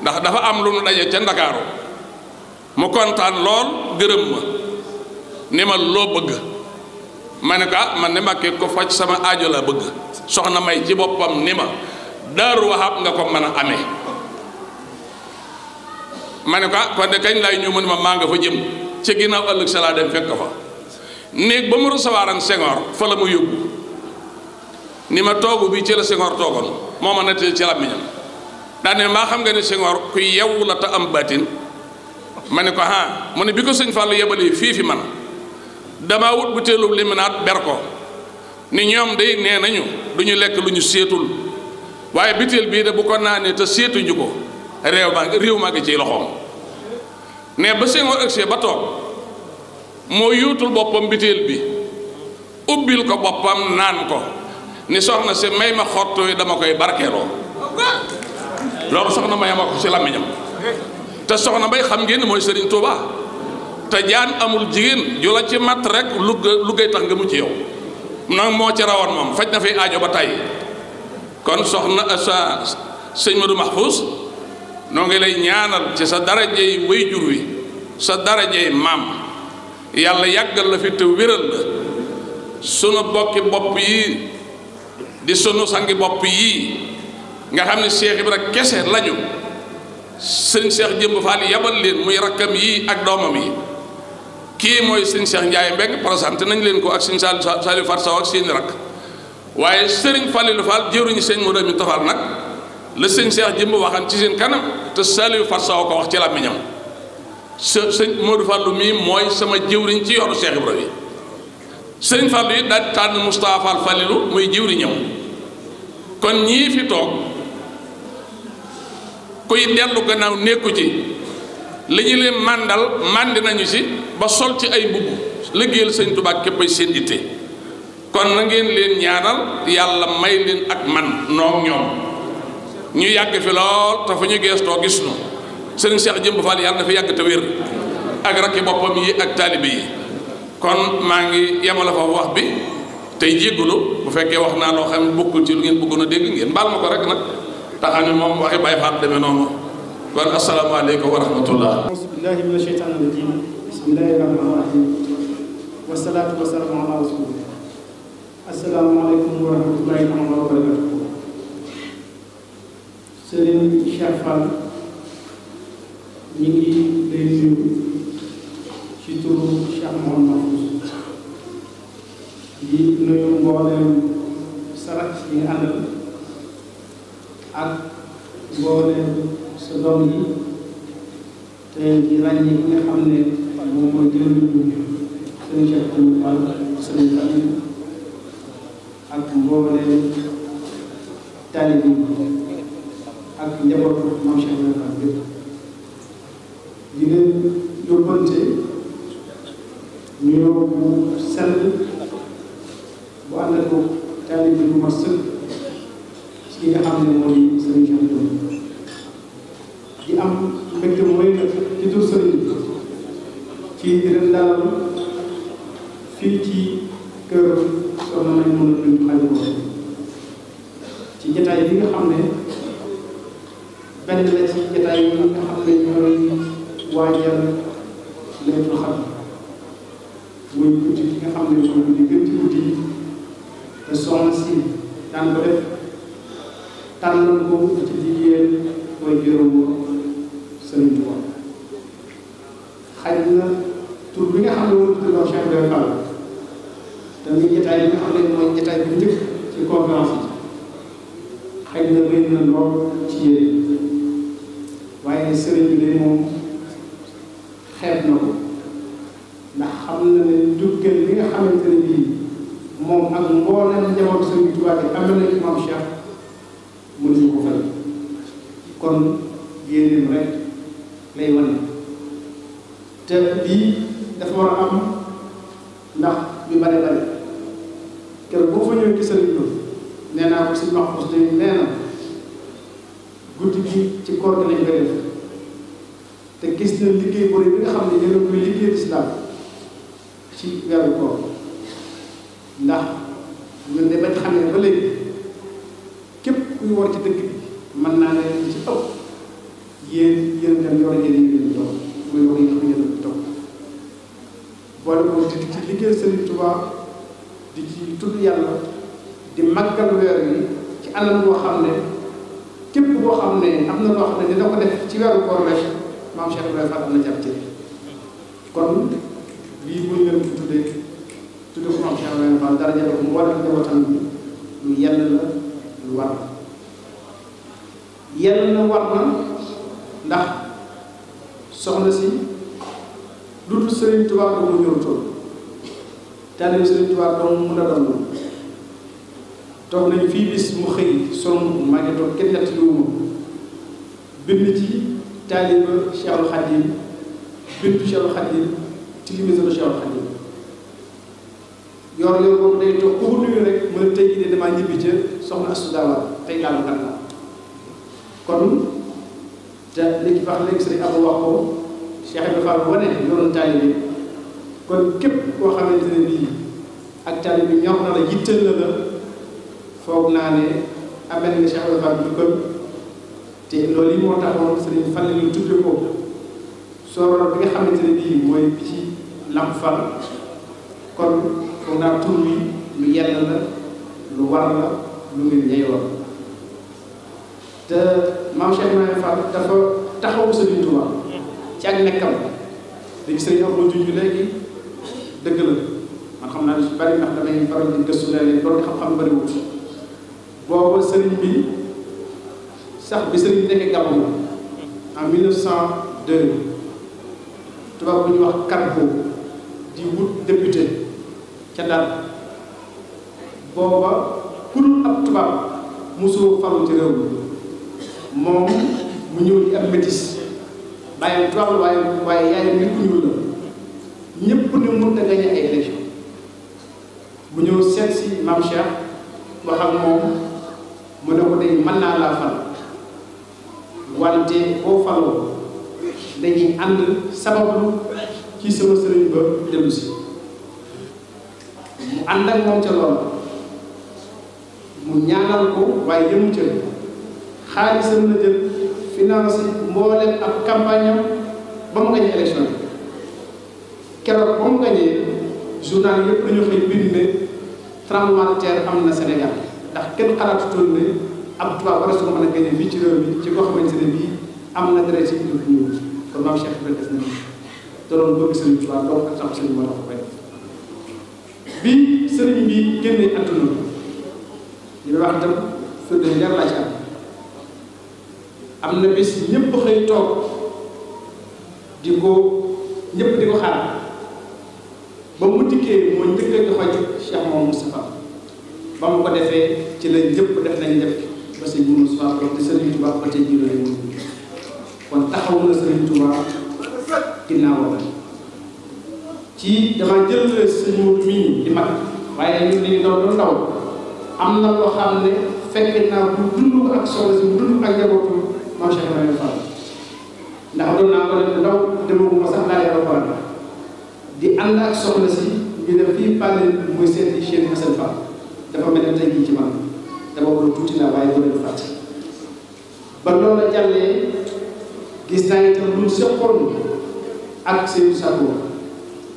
ndax dafa am lu nu daje ca ndakaaru mu kontaan lool gërëm ma ni ma loo bëgg ma ne ka ah man ne mbàkke ko faj sama aajo la bëgg soxna may ci boppam ni ma daaru waxaab nga ko mën a ame ma ne ko ah, kon de kañ laay ñu mu ne ma maa nga fa jëm ci ginnaaw ëllëg sa laa dem fekk fa néeg ba mu recevoir an fa la mu yóbbu ni ma toogu bi ci la Senghor toogoon moo a nettali ci làmmiñam daane maa xam nga ne Senghor ku yewu la te am baatin ma ne ko ah mu ne bi ko sëñ Fallou yebalee fii fi man dama wut butéelub liminaat ber ko ni ñoom day nee nañu du ñu lekk lu ñu seetul waaye butéel bii de bu ko naanee te seetuñu ko réew maa réew maa ngi ciy loxoom ne ba Senghor agsee ba toog moo yuutul boppam butéel bi ubbil ko boppam naan ko ni soxna si may ma xottu dama koy barkeeloo loolu soxna May ma ci làmmiñam te soxna bay xam ngeen mooy Serigne Touba te jaan amul jigéen ju ci matt rek lu luggay tax nga mu ci yow nag moo ci rawoon moom faj na fi aajo ba tey kon soxna euh, sa sëñ Madou Mahfouz noo ngi lay ñaanal ci sa darajey wayjur wi sa darajey maam yàlla yàggal la fi te wéral la sunu bokki bopp yi di sunu sangi bopp yii nga xam ne Cheikh Ibra kese lañu sëñ Cheikh Jëmb Fall yabal leen muy rakkam yi ak doomam yi kii mooy sëñ Cheikh Ndiaye Mbeng présenté nañ leen ko ak sëñ Saliou Saliou Far Sow ak seeni rakk waaye sëriñ Fallilou Fall jëruñu sëñ Modou Aminta Fall nag la sëñ Cheikh Jëmb waxan ci seen kanam te Saliou Far Sow ko wax ci làmmiñam sa sëñ Modou Fallou mii mooy sama jëwriñ ci yoonu Cheikh Ibra bi sëriñ Fallou yi daal tànn Moustapha Fall Fallilou muy jëwriñam kon ñii fi toog kuy dellu gannaaw nekku ci li ñu leen màndal màndi nañu ci ba sol ci ay mbubb liggéeyal sëñ Tuubaa képp ay seen dite kon na ngeen leen ñaanal yàlla may leen ak man noog ñoom ñu yàgg fi lool te fu ñu geestoo gis nu sëriñ Cheikh Jëmb Fall yàlla na fi yàgg te wér ak rakki boppam yi ak taalibe yi kon maa ngi yemale fa wax bi tey jéggulu bu fekkee wax naa loo xam ne bokkul ci lu ngeen bëggoon na dégg ngeen baal ma ko rek nag taxane moom waxi Baay Faal demee noonu kon asalaamaaleykum wa rahmatullah auzu billahi mina sheytaani rajim bismillahi rahmani rahim wasalaatu wasalaamu ala rasulillah asalaamaaleykum wa rahmatullahi taala wa barakatuh Serigne Cheikh Fall ñu ngi lay nuyu ci turu Cheikh Mouhamed di nuyu mbooleem doom yi te di ràññee ñi nga xam ne yu bare bare kër boo fa ñëwee ci sëriñ loolu nee naa ko si Mahfouz nee na guddi gi ci koor gi lañ koy def te gis na liggéey bu rëy bi nga xam ne yéen a koy liggéey lislaam ci weeru koor ndax ñun de bañ xam ne ba léegi képp kuy war ci dëkk tudd yàlla di màggal weer wi ci anam boo xam ne képp boo xam ne am na loo xam ne dina ko def ci weeru koor rek maam Cheikh Ibrahima Fall am na ci kon lii bu ñu leen tuddee tuddee ko maam Cheikh Ibrahima Fall dara jëlee mu war a yàlla na war na ndax soxna si lu dul Sëriñ Tuubaa du mu ñëw tool taalibe Sëriñ Tuubaa dong mën a doon toog nañu fii bis mu xëy sol mbubb maa ngi toog kenn nett li wuma bind ci taaliba Cheikhul Khadim bindu Cheikhul Khadim tilimisanu Cheikhul Khadim yor yor boobu day toog ku nuyu rek mën a tey jii de damaa ñibbi ca soxna Astu Daawa tey daal kan la kon te léegi fax léegi sëriñ Abou wax ko kon képp koo xamante ne bii ak taalibe bi ñor na la yitteel na la foog naa ne amel na Cheikh Ousmane Dukal te loolu yi moo taxoon Sëriñ Fallu ñu tudde ko bii mooy ci Lamp Fall kon foog naa tur wi lu yell la lu war la lu ngeen ñey war te maam Cheikh Ibrahima dafa taxawu Sëriñ Tuubaa ci ak nekkam dañu sëriñ am ma junj léegi dëgg la man xam naa lu ci bari ndax damay faral di gëstu leneen loolu xam-xam bariwul boobu sëriñ bi sax bi sëriñ bi nekkee gàmmu en 1902 tubaab bu ñuy wax Carbo di wut député ca Ndar booba ku dul ab tubaab mosoo falu ci réew mi moom mu ñëw di ab métis bàyyi tubaab waaye waaye yaayam nit ku ñuul la ñépp ne mën na gagné ay élection bu ñëw seet si maam Cheikh wax moom mu ne ko day man naa laa fal wante boo faloo dañuy ànd sabablu ci sama sëriñ ba dellu mu ànd ak moom ca mu ñaanal ko waaye yëmu ca xaalisam la jël finance mbooleem ak campagne ba mu gañ élection bi keroog moom gañee journal yëpp dañu xëy bind ne tremblement am na Sénégal ndax kenn xalaatutoon ne ab tubaab war a su ko mën a gañee fii ci réew mi ci koo xamante ne bii am na dara ci dugub ñëw kon maam na bi sëriñ bi génnee àdduna li may wax itam firnde leer laa am am na bis ñëpp xëy toog di ko ñëpp di ko xaar ba mu dikkee moo njëkk a joxoñ Cheikh Mouhamadou Moustapha ba mu ko defee ci la ñëpp def nañ def ba sëñ Moustapha ko di sëriñ Touba ba ca jiiroo yi moom kon taxaw na sëriñ Touba ci dama jël sëñ Modou mii di mag waaye ñun dañu ndaw doon ndaw am na loo xam ne fekk naa bu dund ak soxla si bu dund ak njabootu maam Cheikh Ibrahima Fall ndax doon ko def ndaw demaguma sax laa yor ànd ak soxna si ñu dem fii Pallel mooy seeti Cheikh Hassane Fall dafa mel ne tey ci man dama ko tuuti naa waaye dama leen fàtte ba loolu la jàllee gis naa itam lu mu seqoon ak Seydou Sakho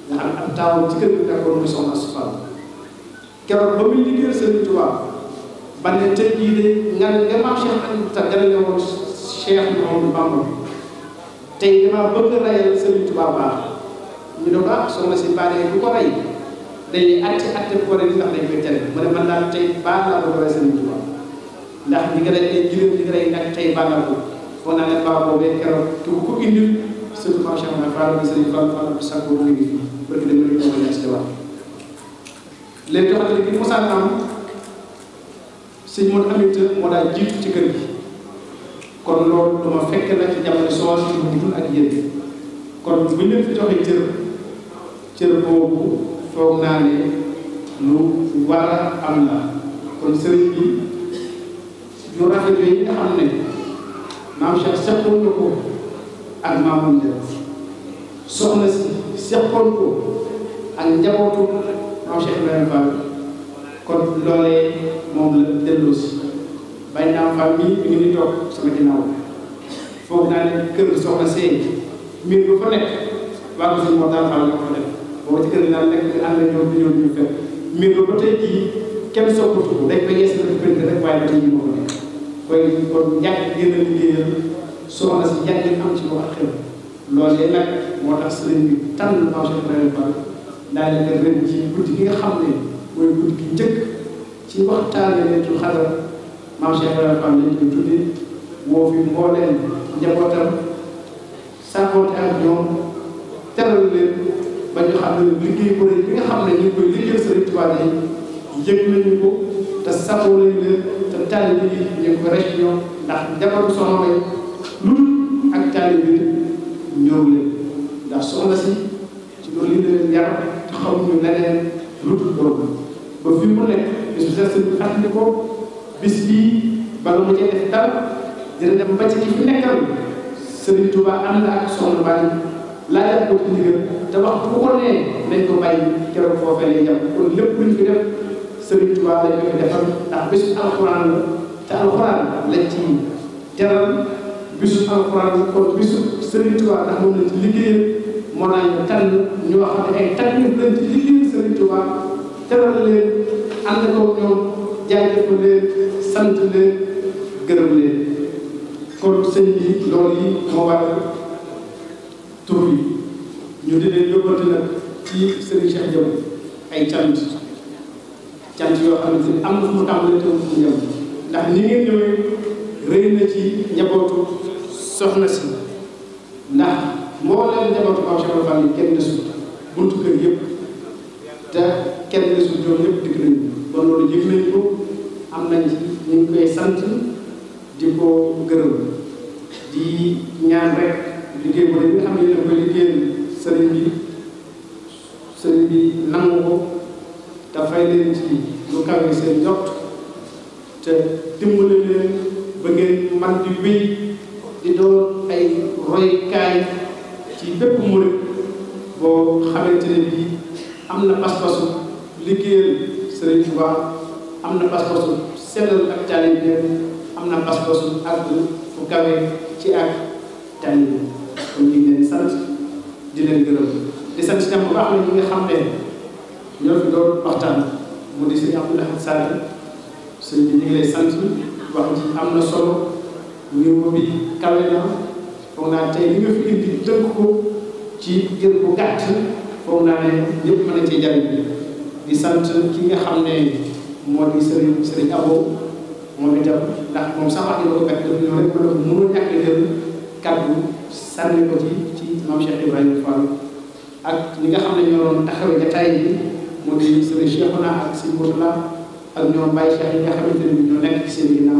nga am ab taawam ci kër gi nekkoon muy soxna si Fall ba muy liggéeyal Sëriñ Tuubaa ba ne tey jii de nga nga maam Cheikh Aliou Tass dana ñëwoon Cheikh Mouhamadou Bamba tey damaa bëgg rayal Sëriñ Tuubaa baax ñu ne ko ah soxna si baaree bu ko rey day àtte àtte bu ko rey ndax dañ koy jënd mu ne man daal tey naa nga rey ay juróom li nga rey nag tey baal naa ko foo naa leen baax boobu keroog te ku ko indil surtout macha allah si wax léegi xamante moo daal jiitu ci kër gi kon loolu dama fekk nag ci jamono soo ci dund ak yéen kon bu ñu fi joxee cër cër boobu foog naa ne lu war a am la kon sëriñ bi yu rafet yi nga xam ne maam Cheikh seqoon ko ak maamam Ndiaye soxna si seqoon ko ak njabootu maam Cheikh Ibrahima Fall kon loolee moom la delloo si bàyyi naa famille bi ngi ni toog sama ginnaaw foog naa ne kër soxna seen mbir bu fa nekk waa ko suñu waxtaan Fall nga fa def boo ci gën a naan nekk ànd ak ñoom ñoom ñu fekk mbir ba ba tey jii kenn soppatu ko dañ ko yees na bëgg rek moo nekk koy kon yàgg gën a liggéeyal soxna si yàgg nga xam ne mooy guddi gi njëkk ci waxtaane Laylatul Qadr Maam Cheikh Ibrahima Fall lañ koy tuddee woo fi mbooleem njabootam sàmmoonte ak ñoom leen ba ñu xam ne liggéey bu rëy bi nga xam ne ñu ngi koy liggéey Sëriñ Tuubaa yi yëg nañu ko te safoo nañu leen te taalibe yi ñu ñoom ndax njabootu soxna may lu dul ak taalibe yi ñëw leen ndax soxna si ci lu dul borom ba fi nekk bis bu set bi fàttali ko bis bii bala mu cee def laajal ko ci ndigal te wax bu ko nee nañ ko bàyyi keroog foofee lay jàpp kon lépp luñ ko def Sëriñ Tuubaa lañ ko defal ndax bésu alxuraan la te alxuraan lañ ci teral bésu alxuraan kon bésu Sëriñ Tuubaa ndax moom lañ ci liggéeyal moo naa ñu tànn ñoo xam ne ay tànn lañ ci liggéeyal Sëriñ Tuubaa teral leen ànd ko ñoom jaajëfal leen sant leen gërëm leen kon sëñ bi loolu yi moo tur bi ñu di leen yóbbante nag ci Serigne Cheikh Diop ay cant cant yoo xamante ni am na fu mu tàmbalee te fu mu ndax ni ngeen ñëwee rëy na ci njabootu soxna si ndax moo leen njabootu Pape Cheikh Fall yi kenn desul kenn desul ñoom ñëpp dikk nañu kon loolu yëg nañ ko am nañ ci ñu ngi koy sant di ko gërëm di ñaan rek. liggéey bu rëy bi nga xam ne yéen koy liggéeyal sëriñ bi sëriñ nangu ko te leen ci lu kawe seen jot te dimbali leen ba man di wéy di doon ay roykaay ci bépp murit boo xamante ne bii am na pas-pasu liggéeyal sëriñ am na pas-pasu ak taalibeem am na pas-pasu àgg fu kawe ci ak taalibe di leen gërëm di sant bi ñu ngi lay sant wax ji am na solo niveau na foog naa tey li nga ko ci jël bu gàtt na cee jariñ di sant ki nga xam ne moo di sëriñ sëriñ Abo moom itam ndax moom sax wax dëgg ko fekk daf ñëw rek mën a mënul ñàkk a jël sànni ko ci. maam Cheikh Ibrahima Fall ak ñi nga xam ne ñoo doon taxawee jataay yi moo di sëriñ Cheikhouna ak sëriñ ak ñoom Baye Cheikh ñoo nekk ci seen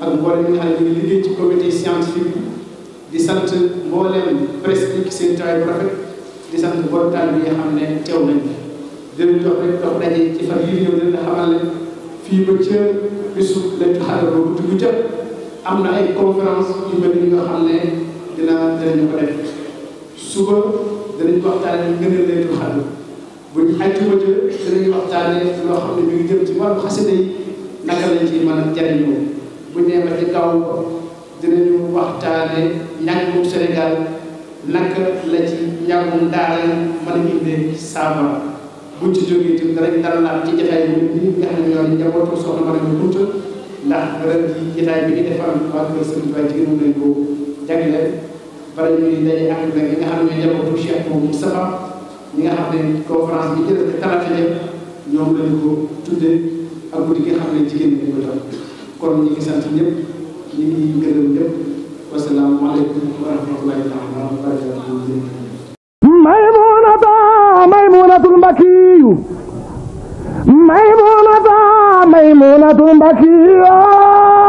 ak mboolem yi nga xam ne ñu ci comité scientifique di sant mboolem presse bi ci bi nga xam ne teew nañ dinañ jox fii ba ca na ay conférence yu mel ni xam ne dina ko def suba danañ waxtaanee ñu gën a leen xam ne buñ àjjuma ja danañ waxtaanee loo xam ne ñu ngi jëm ci wàllu xasida yi naka lañ ciy mën a jariñoo buñ ci kaw dinañu waxtaanee ñàkkum naka la ci ñàkkum daara mën a indee bu buñ ci jógee itam danañ dalalaat ci jotaay bi ñi nga xam ne ñoo njabootu soxna ma nañu Kunta ndax ren ji jotaay bi ñu defar waa kër Sëriñ Tuubaa jigéen moom lañ ko jagleel bala ñuy daje ak nag ñi nga xam ne ñooy njabootu Cheikh Mouhamadou Moustapha ñi nga xam ne conférence bi jël ak talaata ñoom lañu ko tuddee ak guddi gi nga xam ne jigéen ñi dañu ko tam kon ñu ngi sant ñëpp ñu ngi gërëm ñëpp wasalaamaaleykum wa rahmatullahi taala wa barakatuhu maymunata maymunatul mbakiyu maymunata maymunatul mbakiyu